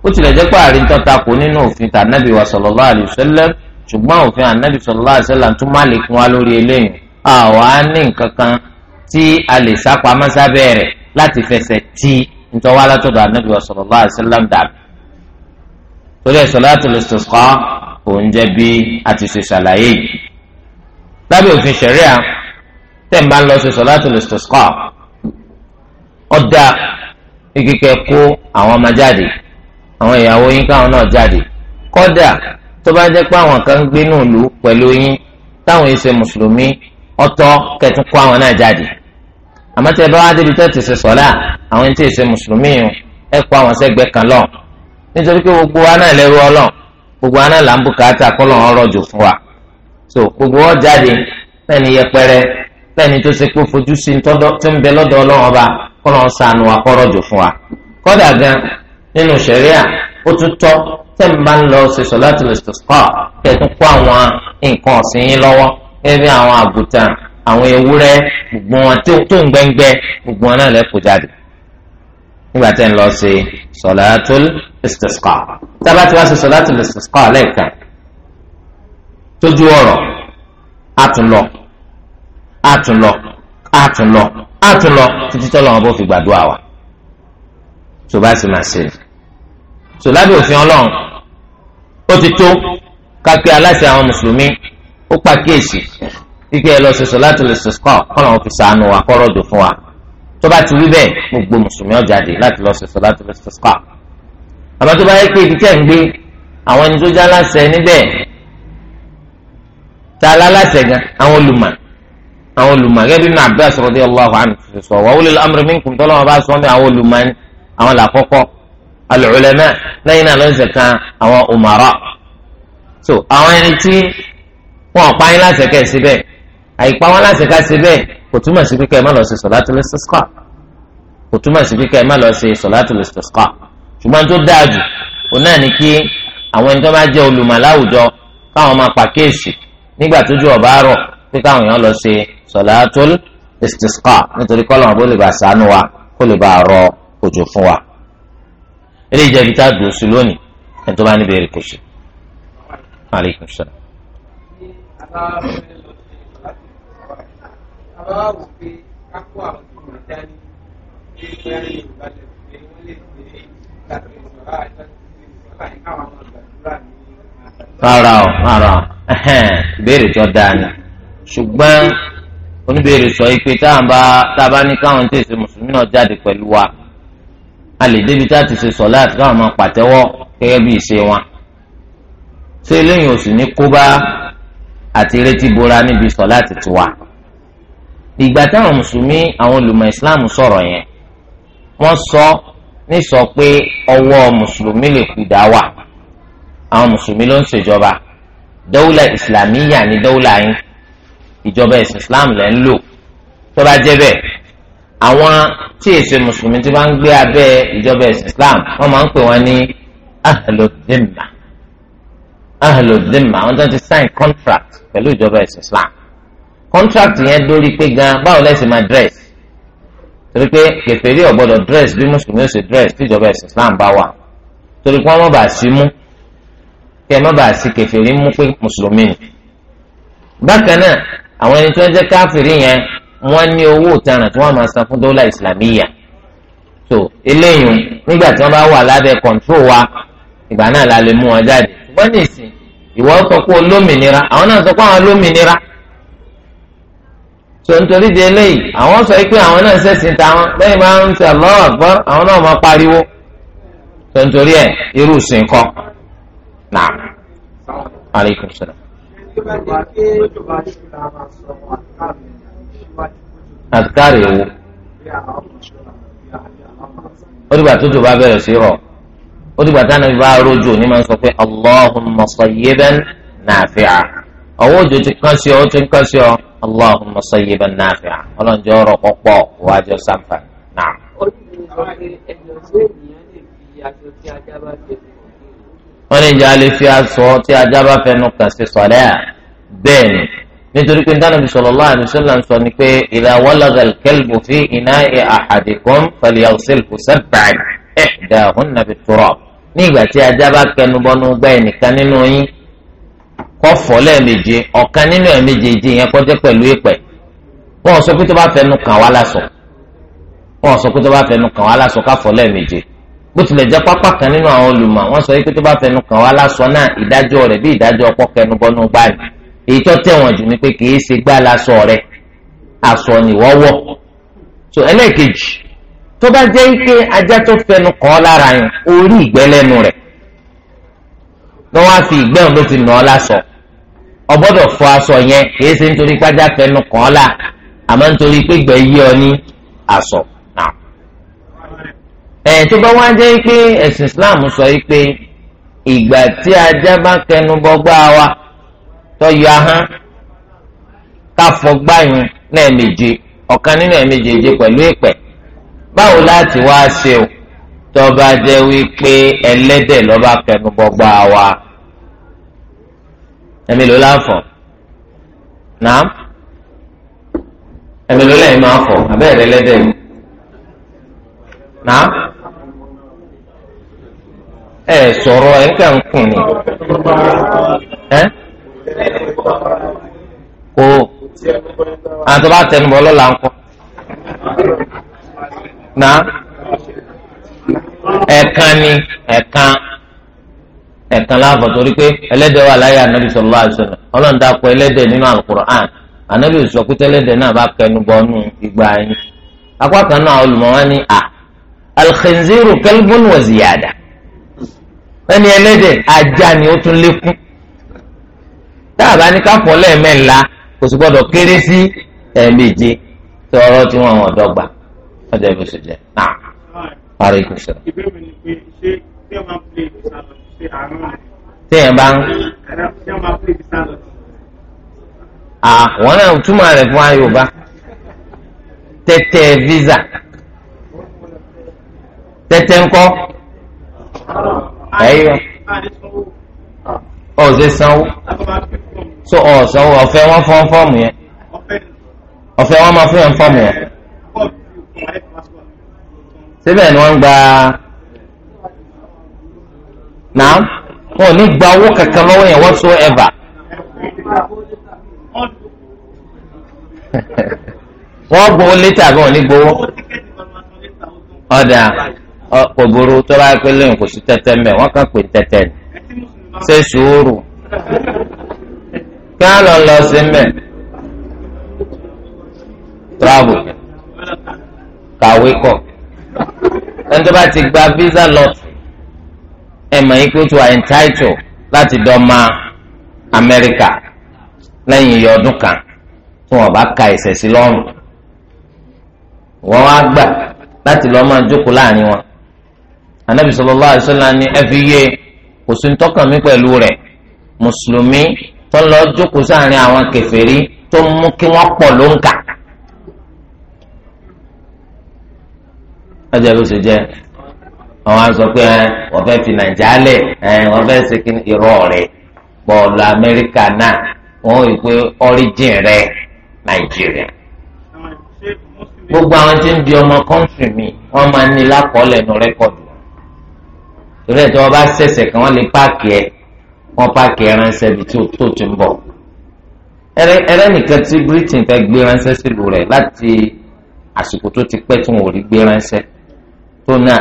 ó tilẹ̀ jẹ́ pé àrí tó takò nínú òfin tànábì wa sallallahu alayhi wa sallam ṣùgbọ́n òfin ànábì sallallahu alayhi sallam tún má lè kún wa lórí tí a lè sá pamọ́ sábẹ́ rẹ̀ láti fẹsẹ̀ tí nítorí wàhálà anabi wa sallallahu alaihi wasallam dàbí. torí ẹ̀ salatul istisqa òun jẹ́ bí a ti ṣe ṣàlàyé yìí. lábẹ́ òfin ṣẹ̀ríà tẹ̀ ń bá ń lọ sí salatul istisqa ọ̀dà kíkẹ́ kó àwọn ọmọ jáde àwọn ìyàwó yín káwọn náà jáde kọ́dà tó bá jẹ́ pé àwọn kan ń gbénú ìlú pẹ̀lú yín táwọn èsè mùsùlùmí ọ̀tọ̀ kẹ́tùn àwọn náà jáde àmọ́ tẹ́ bá wá débi tẹ́ ti ṣe sọ́lá àwọn tí ì ṣe mùsùlùmí yìí ẹ kó àwọn sẹ́gbẹ́ kan lọ nítorí pé gbogbo wa náà lẹ́rú ọlọ́run gbogbo wa náà là ń bùkátà kọ́ lọ́run ọlọ́jọ́ fún wa so gbogbo wọn jáde fẹ́ni yẹpẹrẹ fẹ́ni tó ṣe pé fojú sí tó ń bẹ lọ́dọ̀ ọlọ́run ọba kọ́ lọ́run sànù wa kọ́rọ̀jọ́ fún wa kódà gan nínú ṣẹ̀ríà ó tún tọ́ tẹ́ ń bá ń lọ ṣe sọ́lá tìlẹ̀ tẹ̀ tún àwọn ewúrẹ́ gbogbo wọn tó ń gbẹ́ngbẹ́ gbogbo wọn náà lẹ́kọ̀ọ́ jáde nígbà tẹ́ ń lọ sí sọ̀làtúl istisqa tábà tí wọ́n ṣe sọ̀làtúl istisqa lẹ́ẹ̀kan tójú ọ̀rọ̀ àtúnlọ àtúnlọ àtúnlọ àtúnlọ títí tọ́lọ́ wọn bó fi gbàdúrà wa tó bá sì máa ṣe tó lábẹ́ òfin ọlọ́run ó ti tó kápẹ́ aláṣẹ àwọn mùsùlùmí ó pàkíyèsí ike ẹ lọ ṣe solatul istisqa kọ́nà wọn fi sànù wa kọ́rọ̀ jù fún wa tó bá ti wí bẹ́ẹ̀ gbogbo mùsùlùmí ó jáde láti lọ ṣe solatul istisqa àmọ́ tó bá yẹ pé ibi tẹ̀ ń gbé àwọn ẹni tó já láṣẹ níbẹ̀ tá a láláṣẹ gan àwọn olùmọ̀ àwọn olùmọ̀ gẹ́gẹ́ bí Ibn Abbas radiyallahu anhu ti sọ wa so àwọn ẹni tí wọn ò pa yín láṣẹ kẹ́ síbẹ̀ àìpa wọn láti ká ṣe bẹ́ẹ̀ kò túmọ̀ sí pé ká ẹ má lọ ṣe sọ̀látùl istisqa kò túmọ̀ sí pé ká ẹ má lọ ṣe sọ̀látùl istisqa ṣùgbọ́n tó dáa jù òun náà ni kí àwọn ẹni tó bá jẹ́ olùmọ̀ láwùjọ káwọn máa pàkíyèsí nígbà tójú ọ̀bá rọ̀ pé káwọn èèyàn lọ ṣe sọ̀látùl istisqa nítorí kọ́lọ̀ wọn bó lè bá sànú wa kó lè bá rọ òjò fún wa. ilé bá wò pé ká kó àwọn tó mọ̀ dání pé bóyá ní yorùbá lè pé wọ́n lè pè é ìgbàgbé ìsọ̀rọ̀ àjọ ìsọ̀rọ̀ àyíká àwọn ọmọ ìgbàdúrà ní. rárá o rárá o ìbéèrè tó dáa ni ṣùgbọ́n oníbèrè sọ pé tá a bá ní káwọn tí èsì mùsùlùmí náà jáde pẹ̀lú wa a lè débi tá a ti ṣe sọ̀lá àti káwọn máa pàtẹ́wọ́ gẹ́gẹ́ bí ìṣe wọn ṣé eléyìí ò sì ní kó bá àti retí bora níbi sọ̀lá àti tiwa ìgbà táwọn mùsùlùmí àwọn olùmọ̀ islam sọ̀rọ̀ yẹn wọ́n sọ ní sọ pé ọwọ́ mùsùlùmí lè fi dá wà àwọn mùsùlùmí ló ń ṣèjọba dawla islamiyya ni dawla yín ìjọba ẹ̀sìn islam lẹ́ ń lò tó bá jẹ́ bẹ́ẹ̀ àwọn tí èsè mùsùlùmí ti bá ń gbé abẹ́ ìjọba ẹ̀sìn islam wọ́n máa ń pè wọ́n ní ahludimma ahludimma àwọn tó ti sign contract pẹ̀lú ìjọba ẹ̀sìn islam contract yẹn dórí pé gan báwo lẹ́sìn máa dress torí pé kèfèrí ò gbọ́dọ̀ dress bí mùsùlùmí ó ṣe dress tíjọba ẹ̀sìn Islam bá wà torí pé wọ́n má bàa sí mú kẹ́ má bàa sí kèfèrí mú pé mùsùlùmí ni. bákan náà àwọn ẹni tí wọ́n jẹ́ káfìrí yẹn wọ́n ní owó ìtanràn tí wọ́n máa san fún dọ́là ìsìlámíyà so eléyìí nígbà tí wọ́n bá wà lábẹ́ kọ̀ǹtró wa ìgbà náà la lè mú wọn jáde ṣùgbọ́n nìsín ìwọ sọ pé olómìnira tó nítorí di eléyìí àwọn sọ pé àwọn náà ṣẹ̀sìn táwọn lẹ́yìn bá ń ṣe Allahu Akbar àwọn náà máa pariwo tó nítorí ẹ̀ irú sìn kọ́ náà aleykum salaam. àtikárì ewu ó dìgbà tó tó bá bẹ̀rẹ̀ sí rọ̀ ó dìgbà táwọn ibi bá rojo ní máa sọ pé Allahumma sayyiban nafi'a ọwọ́ òjò ti kán sí ọ ó ti ń kán sí ọ allahumma sayyiban nafi'a ọlọ́njẹ́ ọ̀rọ̀ pọ̀pọ̀ wájú sàǹfà náà. wọ́n ní ìjà lè fi aṣọ tí ajá bá fẹnu kàn sí sọ̀rẹ́ à bẹ́ẹ̀ ni nítorí pé Ànábì sallallahu alaihi wasallam sọ ni pé idha walagha al-kalbu fi ina'i ahadikum falyagsilhu sab'an ihdahunna bit-turab ní ìgbà tí ajá bá kẹnu bọ́nú gbẹ́ ẹnìkan nínú yín kọ́ fọ̀ lẹ́ẹ̀méje ọ̀kan nínú ẹ̀ẹ̀méje yẹn kó jẹ́ pẹ̀lú ìpẹ́ wọ́n sọ pé tó bá fẹnu kàn wá lásọ wọ́n sọ pé tó bá fẹnu kàn wá lásọ ká fọ̀ lẹ́ẹ̀méje bó tilẹ̀ jẹ́ pápá kan nínú àwọn olùmọ̀ wọ́n sọ pé tó bá fẹnu kàn wá lásọ náà ìdájọ́ rẹ̀ bí ìdájọ́ ọpọ́ kẹnu bọ́nú gbá èyí tó tẹ̀wọ̀n jù ni pé kì í ṣe gbá lásọ rẹ̀ aṣọ ni wọ́wọ́ so ẹlẹ́ẹ̀kejì tó bá jẹ́ ike ajá tó fẹnu kàn lára yẹn orí ìgbẹ́lẹ́nu rẹ̀ tó wá fi ìgbẹ́hùn ló ti nà ọ́ lásọ ọgbọ́dọ̀ fọ aṣọ yẹn kìí ṣe nítorí pàjá fẹnu kàn án là àmọ́ nítorí pé gbẹ̀ yí ọ ní aṣọ. ẹ̀ tó bá wá jẹ́ pé ẹ̀sìn Islam sọ yìí pé ìgbà tí ajá bá kẹnu wa tó yọ ahọ́n ká ọ̀kan nínú pẹ̀lú báwo láti wá ṣe o. tọ́ba jẹ́ wípé ẹlẹ́dẹ̀ lọ́ba kẹnu gbọgbà wa ẹ̀mí ló láǹfọ̀ náà ẹ̀mí ló lẹ́yìn máa fọ̀ abẹ́rẹ́ ẹlẹ́dẹ̀ náà ẹ̀ sọ̀rọ̀ ẹ̀ kà ń kùn ní ẹ̀ kó àtọ́ba tẹnubọ́ lọ́la ń kọ́ náà ẹ̀ẹ̀kan ni ẹ̀ẹ̀kan ẹ̀ẹ̀kan láàbọ̀ torí pé ẹlẹ́dẹ̀ wà láyé anabi sallallahu alaihi wasallam ọlọ́run dàpọ̀ ẹlẹ́dẹ̀ nínú alukur'an anabi sọ pé tẹ́lẹ̀dẹ̀ náà bá kẹnu bọ́nú ìgbà yín apá kan náà olùmọ̀wá ni a alkhinziru kalbun wa ziyada ẹni ẹlẹ́dẹ̀ ajá ni ó tún lékún dáàbá ní káfọ́ lẹ́ẹ̀mẹ́ńlá kò sì gbọ́dọ̀ kéré sí ẹ̀ẹ̀méje tí ọ̀rọ̀ tí wọ́n wọ́n dọ́gba ọjọ́ ìbùsùn jẹ́ náà ààrẹ ìkùnsẹ. téèyàn bá ń. àwọn náà túmọ̀ rẹ̀ fún ayọ̀bá tẹ́tẹ́ visa tẹ́tẹ́ ńkọ́ ẹ̀yọ́ ọ̀sẹ̀ sanwó so ọ̀sanwó ọ̀fẹ́ wọn fọ́n fọ́ọ̀mù yẹn ọ̀fẹ́ wọn máa fún yẹn fọ́ọ̀mù yẹn. síbẹ̀ ni wọ́n gba náà wọn ò ní gba owó kankan lọ́wọ́ yẹn whatsoever wọ́n gbowó létà àbí wọ́n ní gbowó ọ̀dà kò burú tó bá pé lóyún kò sí tẹ́tẹ́ mẹ́ wọ́n kàn pé tẹ́tẹ́ ni ṣe sùúrù kí á lọ lọ sí mẹ́ travel kàwé kọ̀. ẹni tó bá ti gba visa lot ẹ mọ̀ yín pé ó ti wà entitled láti dọ́mà Amẹ́ríkà lẹ́yìn iye ọdún kan tí wọ́n bá ka ẹ̀sẹ̀ sí lọ́rùn wọ́n wá gbà láti lọ́ọ́ máa jókòó láàrin wọn anabi sallallahu alaihi ni ẹ fi yé kò tọkàn mi pẹ̀lú rẹ̀ mùsùlùmí tó lọ jókòó sáàrin àwọn kèfèrí tó mú kí wọ́n pọ̀ ló ọjọ́ ló ṣe jẹ́ àwọn á sọ pé wọ́n fẹ́ fi nàìjíríà lẹ̀ wọ́n fẹ́ ṣe kí irọ́ rẹ̀ bọ́ọ̀lù amẹ́ríkà náà wọ́n wí pé ọ́ríjìn rẹ̀ nàìjíríà gbogbo àwọn tí ń di ọmọ kọ́ńtì mi wọ́n máa ń ní lákọọ́lẹ̀ nu rẹ́kọ̀dù torí ẹ̀ tí wọ́n bá ṣẹ̀ṣẹ̀ kan wọ́n lè páàkì ẹ̀ wọ́n páàkì ẹ̀ ránṣẹ́ ibi tí tó ti ń bọ̀ ẹrẹ́ nìkan tí Britain fẹ́ gbé ránṣẹ́ sílùú rẹ̀ láti àsìkò tó ti pẹ́ tí wọ́n ò rí gbé ránṣẹ́ tó náà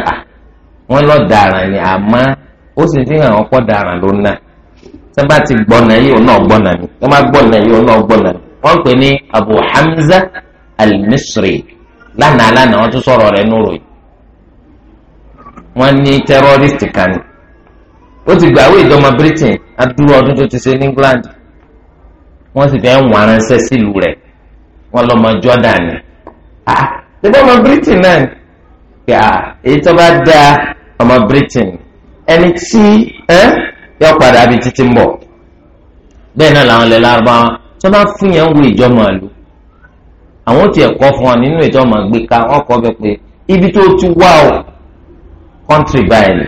wọ́n lọ dàrán ni àmọ́ ó sì fi hàn ọ̀pọ̀ dàrán ló náà tí wọ́n bá ti gbọ́nà yìí òun náà gbọ́nà ni tí bá gbọ́nà yìí òun náà gbọ́nà ni wọ́n pè ní Abu Hamza al-Misri lánàá lánàá wọ́n tún sọ̀rọ̀ rẹ̀ nùrọ̀ yìí wọ́n ní tẹ́rọ́rìstì kan ni ó ti gbàwé ìdọ́mọ Britain adúrú ọdún tó ti ṣe ní England wọ́n sì fẹ́ wọ́n aránṣẹ́ sílùú rẹ̀ wọ́n lọ́mọ Jordan ni ah ṣùgbọ́n ọmọ Britain náà pé à èyí tó bá da ọmọ Britain ẹni tí ẹ yọ padà bí títí ń bọ̀ bẹ́ẹ̀ náà làwọn ilẹ̀ lárúbáwá tó bá fún yẹn ń wo ìjọmọ àlù àwọn tí ẹ̀kọ́ fún wa nínú ìjọ ọmọ gbé ka wọ́n kọ́ bẹ pé ibi tó ti wá o kọ́ńtì báyìí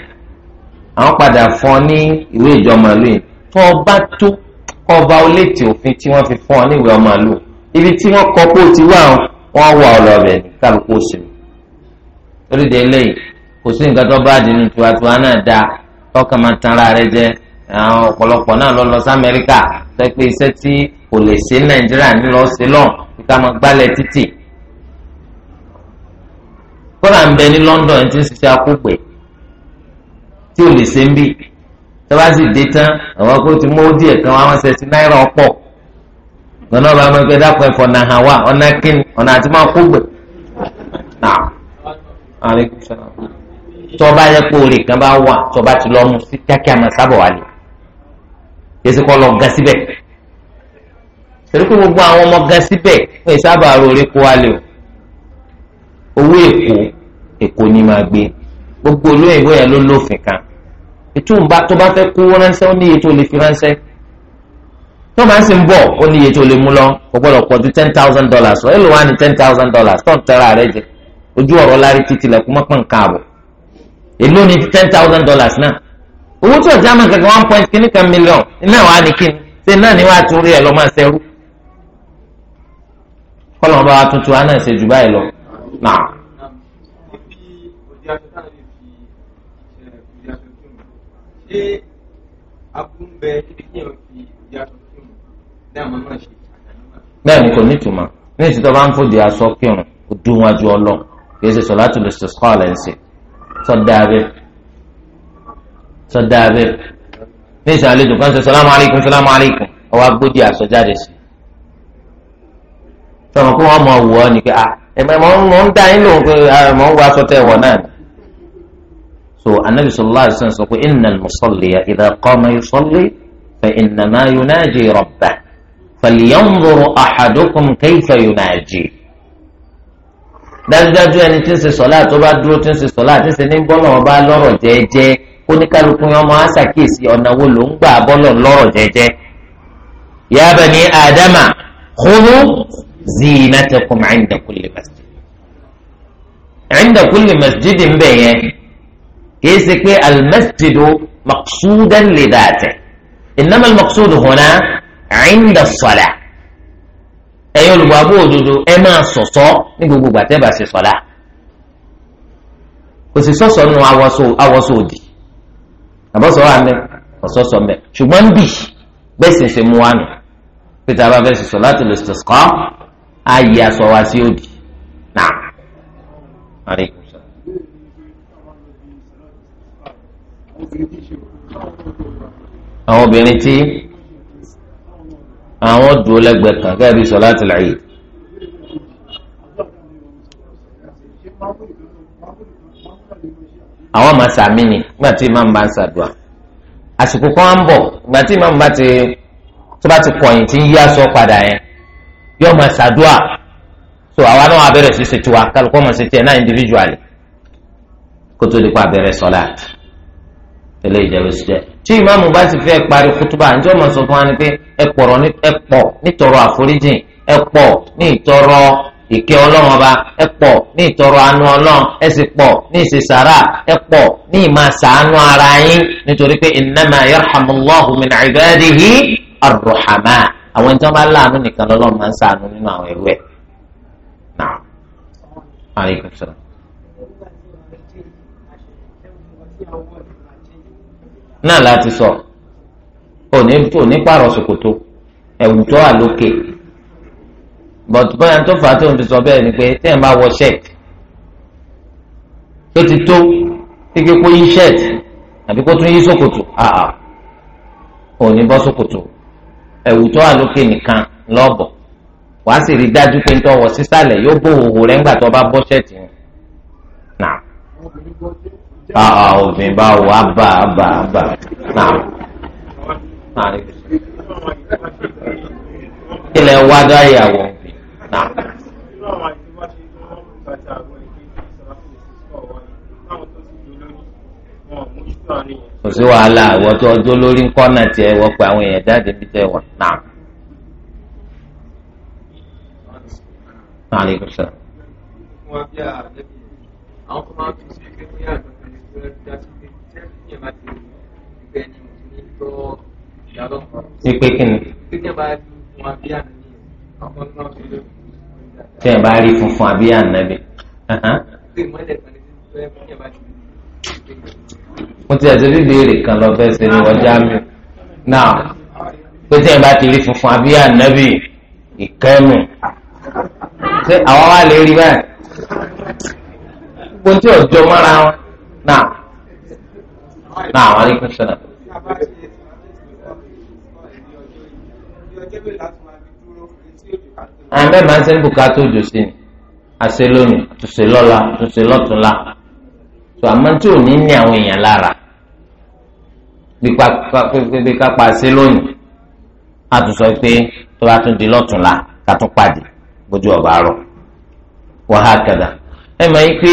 àwọn padà fún ọ ní ìwé ìjọ ọmọ àlù yìí tó o bá tó kọ́ ọba ó létí òfin tí wọ́n fi fún ọ ní ìwé ọmọ àlù ibi tí wọ́n kọ́ pé ó ti wá o wọ́n wà ọ lọ́bẹ̀ kálukú òsì oríde eléyìí kò sí nǹkan tó bá dínú tiwantiwa náà dáa tọkàn máa tan ara rẹ jẹ àwọn ọ̀pọ̀lọpọ̀ náà lọ lọ sí amẹ́ríkà sọ pé iṣẹ́ tí kò lè ṣe nàìjíríà sí lọ́n kíkà máa gbálẹ̀ títì kọ́lá ń bẹ ní london tí ń ṣiṣẹ́ akópè tí ò lè ṣe ń dé ti mú díẹ̀ kan àwọn ṣe ti náírà ọ̀pọ̀ gbọ́dọ̀ bá wọn dákun ẹ̀fọ́ ọ̀nà aleykum salaam tọba yẹ kó o lè kan bá wà tọba ti lọ mú sí kíákíá máa sábọ̀ wálé yẹsẹ kọ lọ gan síbẹ̀ torí pé gbogbo àwọn ọmọ gan síbẹ̀ fún ìsábà rore kó wálé o owó èkó èkó ni máa gbé gbogbo olóyìnbó yẹn ló lófin kan ìtumba tó bá fẹ́ kó ránṣẹ́ ó ní iye tó lè fi ránṣẹ́ tó máa ń sìn bọ̀ ó ní iye tó lè mú lọ kò pọ̀ ju ten thousand dollars lọ èlò wa ni ten thousand dollars tó ń tẹ́ra rẹ jẹ ojú ọ̀rọ̀ lárí títí lẹ̀kú mọ́pọ̀ nǹkan èló ni ti ten thousand dollars náà owó tí ọ̀já máa kankan one point kíní kan million iná wàá ní kíni ṣe náà ni wàá tún rí ẹ̀ lọ́ máa ṣẹ́rú kọ́lọ̀ bá wa tuntun á náà ṣe jù báyìí lọ náà. ṣé abúlé ibi bẹ́ẹ̀ ni kò ní ìtumọ̀ ní ìsìtọ́ bá ń fòdì aṣọ kírun ó dún wájú ọlọ́run. kì í ṣe sọláàtù istisqa lẹ́ ń ṣe sọdá abẹ́ sọdá abẹ́ ní ìsìn àlejò kan ṣe sọláàmù alaykum sọláàmù alaykum ọwọ́ agbódì àsọjáde sí sọmọ kó wọn mọ wù ọ ní pé ah ẹ̀mẹ̀ mọ̀ ń dá yín lòun pé mọ̀ ń wọ aṣọ tẹ̀ wọ̀ náà so anabi sallallahu alaihi wasallam sọ pé innal musalliya idha qama yusalli fa innama yunaji rabbah falyanzur ahadukum kayfa yunaji dájúdájú ẹni tí ń ṣe sọlá tó bá dúró tí ń ṣe sọlá tí ń ṣe ní gbọ́nà ọba lọ́rọ̀ jẹ́ẹ́jẹ́ kó ní kálukú wọn máa ṣàkíyèsí ọ̀nà wo ló ń gbà bọ́lọ̀ lọ́rọ̀ jẹ́ẹ́jẹ́. ya bani adama khudhu zinatakum 'inda kulli masjid 'inda masjid ń bẹ̀ yẹn kìí ṣe pé almasjidu maqsudan li dhatihi innama almaqsudu huna ẹ̀yin olùgbàgbọ́ òdodo ẹ máa ṣọ̀ṣọ́ ní gbogbo ìgbà tẹ́ bá ṣe sọ̀lá kò sì ṣọ̀ṣọ́ nu awọ́sọ òdì àbọ̀sọ̀ wà mẹ́ ọ̀ṣọ́ṣọ́ mẹ́ ṣùgbọ́n ń bì bẹ́ẹ̀ sì ń ṣe mú wa nù pété a bá fẹ́ ṣe solatul istisqa á yí aṣọ wa sí òdì náà. àwọn obìnrin tí àwọn dùn lẹ́gbẹ̀ẹ́ kan gẹ́gẹ́ bí sọlátul Eid. àwọn máa sàmì ni nígbà tí màmú bá ń sàdùà àsìkò kan ń bọ̀ nígbà tí màmú bá ti tó bá ti kọ̀yìn tí ń yí aṣọ padà yẹn yóò máa sàdùà so àwa náà wà bẹ̀rẹ̀ sí ṣe tiwa kálukọ́ máa ṣe tiẹ̀ náà individually kó tó di pa abẹ́rẹ́ sọ́lá eléyìí jẹ́ bó jẹ́ tí ìmáàmù bá ti fẹ́ parí kútúbà ǹjẹ́ ọmọ sọ fún wa ni pé ẹ pọ̀rọ̀ ẹ pọ̀ nítorọ àforíjìn ẹ pọ̀ ní ìtọrọ ìkẹ́ ọlọ́run ọba ẹ pọ̀ ní ìtọrọ àánú ọlọ́run ẹ sì pọ̀ ní ìṣesàrà ẹ pọ̀ ní ìmàṣàánú ara yín nítorí pé innama yarhamullahu min ibadihi ar-ruhama àwọn ẹni tí wọ́n bá láàánú nìkan lọ́lọ́run máa ń ṣàánú nínú àwọn ẹrú ẹ̀ náà láti sọ òní tó ní pààrọ̀ ṣòkòtò ẹ̀wù tó wà lókè but bóyá tó fà á tó ń fi sọ bẹ́ẹ̀ ni pé tẹ́yìn bá wọ shirt tó ti tó kíkẹ́ kó yí shirt àbí kó tún yí ṣòkòtò àà òní bọ́ ṣòkòtò ẹ̀wù tó wà lókè nìkan lọ́bọ̀ wàá sì rí dájú pé ń wọ sísàlẹ̀ yóò bó òhò rẹ̀ ńgbà tó bá bọ́ shirt yẹn. Nah àà ah, ah, obìnrin bá wọ abà abà abà náà kílẹ̀ wá dáyàwó náà. kò sí wàhálà ìwọ tó ọjọ́ lórí ń kọ́nà tiẹ̀ wọ́n pe àwọn èèyàn jáde bí tẹ̀ wọ́n náà. Aleykum salaam. Wọ́n bí a àwọn kan máa tún sí pé bóyá ìpè kìnnì. tí ẹ bá rí funfun àbí ànábì. mo ti ẹ̀sẹ̀ bíbélì kan lọ fẹ́ ṣe ni wọ́n já mi náà pé tí ẹ bá ti rí funfun àbí ànábì ìkẹ́nu ṣé àwọn wa lè rí báyìí gbogbo tí ọjọ́ mọ́ra wọn náà náà àwọn aríkún sọ̀nà. àwọn bẹ́ẹ̀ máa ń ṣe ń bùkátà òjò sí ni àṣẹ lónìí àtúnṣe lọ́la àtúnṣe lọ́túnla tó àmọ́ tí ò ní ní àwọn èèyàn lára bí kápá àṣẹ lónìí àtúnṣe pé tó bá tún di lọ́túnla ká tún pàdé bójú ọba rọ wàhálà kàdà ẹ máa ń pé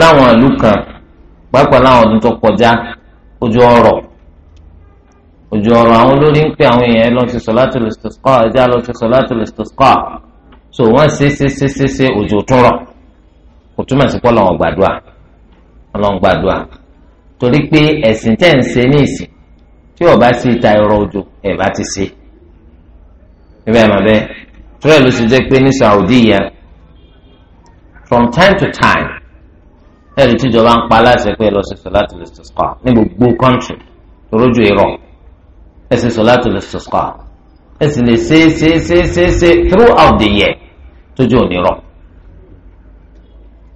láwọn ìlú kan pàápàá láwọn ọdún tó kọjá ojú ọ̀rọ̀ ojú ọ̀rọ̀ àwọn olórí ń pè àwọn èèyàn lọ sí solatul istisqa ẹjẹ lọ sí solatul istisqa so wọ́n ṣe ṣe ṣe ṣe ṣe òjò tún rọ̀ kò túmọ̀ sí pọ́lọ́ wọn gbàdúrà ọlọ́run gbàdúrà torí pé ẹ̀sìn tẹ̀ ń ṣe ní ìsìn tí ọba sì ta ẹ̀rọ òjò ẹ̀ bá ti ṣe ibẹ̀ mà bẹ́ẹ̀ tírẹ̀ ló ti jẹ́ pé ní Saudi yẹn from time to time ẹ̀rí tíjọba ń pa aláṣẹ pé ẹ lọ sí sọláàtì lẹ́sítọ́sọ́kà ní gbogbo kọ́ńtì lórójú ìrọ̀ ẹ sì sọláàtì lẹ́sítọ́sọ́kà ẹ sì lè ṣe ṣe ṣe ṣe ṣe throughout the year tójú òní rọ̀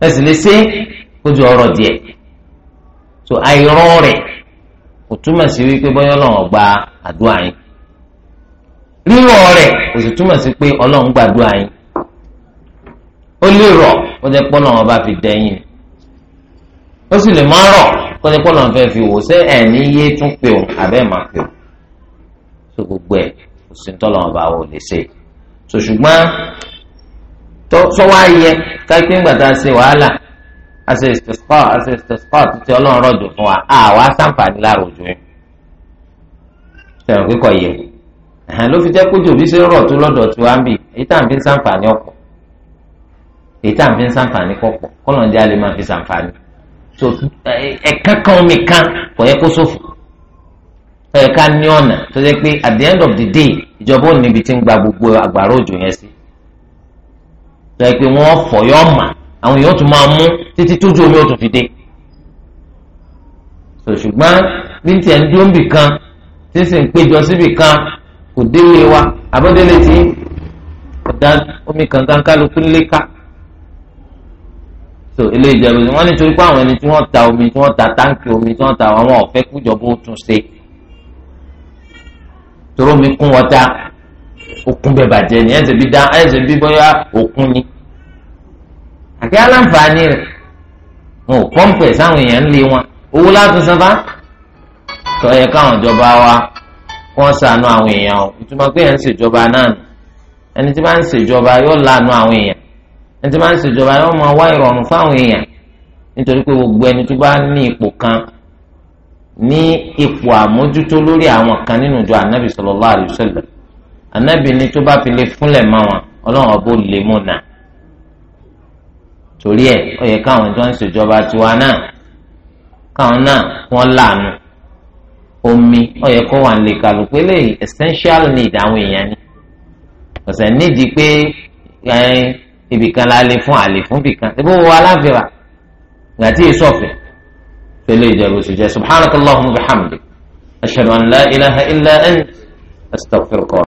ẹ sì lè ṣe kójú ọrọ̀ díẹ̀ so àìrọ̀ rẹ̀ kò túmọ̀ sí wípé bọ́yọ́ Ọlọ́run gba àdúrà yín rírọ̀ rẹ̀ kò sì túmọ̀ sí pé Ọlọ́run gbàdúrà yín ó lè rọ̀ ó jẹ́ pọ́nà ọba fi dẹ́yìn ó sì lè má rọ̀ kó ní pọ́nà fẹ́ fi wò ṣé ẹ̀ ní yé tún pè ó àbẹ́ máa pè ó tó gbogbo ẹ̀ kò sí ní tọ́lọ́wọ́n bá wò lè ṣe tó ṣùgbọ́n sọ́wọ́ ayẹ káyipé ńgbà tá a ṣe wàhálà a ṣe ìṣẹ̀sọ́ a ṣe ìṣẹ̀sọ́ títí ọlọ́run rọ̀jò fún wa àwa sáǹfààní lára òjò yẹn tẹ̀wọ̀n kíkọ yẹ ló fi jẹ́ kójú òbí ṣe ń rọ̀ tó lọ́dọ̀ tí wàá ń bì èyí tá à ń fi ń sáǹfààní ọ̀pọ̀ èyí tá à ń fi sáǹfààní kọ̀pọ̀ so ẹ̀ka kan mi kan kò yẹ kó sófò ẹ̀ka ní ọ̀nà tó yẹ pé at the end of the day ìjọba ò níbi tí ń gba gbogbo àgbàrá òjò yẹn sí tó yẹ pé wọ́n fọ̀ yọ ọ̀mà àwọn èèyàn tún máa mú títí tójú omi ó fi dé so ṣùgbọ́n bí n tiẹ̀ ń dúró bì kan tí sì ń péjọ síbì kan kò délé wa àbọ̀délé tí ọ̀dà omi kankan kálukú ń lé ká so eléyìí jẹ́ bẹ́ẹ̀ wọ́n ní torí pé àwọn ẹni tí wọ́n ta omi tí wọ́n ta táǹkì omi tí wọ́n ta àwọn ọ̀fẹ́ kújọba ó tún ṣe toró mi kún wọ́ta òkun bẹ́ẹ̀ bàjẹ́ ni ẹ̀sẹ̀ bí dá ẹ̀sẹ̀ bí bóyá òkun ni àti aláǹfààní rẹ̀ wọn ò pọ́ǹpù ẹ̀ sáwọn èèyàn ń lé wọn owó láti san fá tọ́ káwọn ìjọba wa wọ́n ṣàánú àwọn èèyàn o ìtumọ̀ pé ẹ̀ ń ṣèjọba náà ẹni tí bá ń ṣèjọba yóò láàánú àwọn èèyàn ẹni tí wọ́n ń ṣèjọba yóò máa wá ìrọ̀rùn fáwọn èèyàn nítorí pé gbogbo ẹni tó bá ní ipò kan ní ipò àmójútó lórí àwọn kan nínú ìjọ ànábì sallallahu alaihi wasallam ànábì ni tó bá fi lè fúnlẹ̀ mọ́ wọn ọlọ́run ọbọ̀ lè mú nà torí ẹ̀ ó yẹ káwọn tó ń ṣèjọba tiwa náà káwọn náà wọ́n láàánú omi ó yẹ kó wà ń lè kàlù pé lè essential need àwọn èèyàn ni ọ̀sẹ̀ nídìí pé ibìkan la lè fún àlè fún bìkan ṣé bó wo aláfẹ́ra gàtí èso ọ̀fẹ́ fẹlẹ́ ìjẹ̀bù sì jẹ́ subhanakallahumma wa bihamdik ashhadu an la ilaha illa ant astaghfiruka.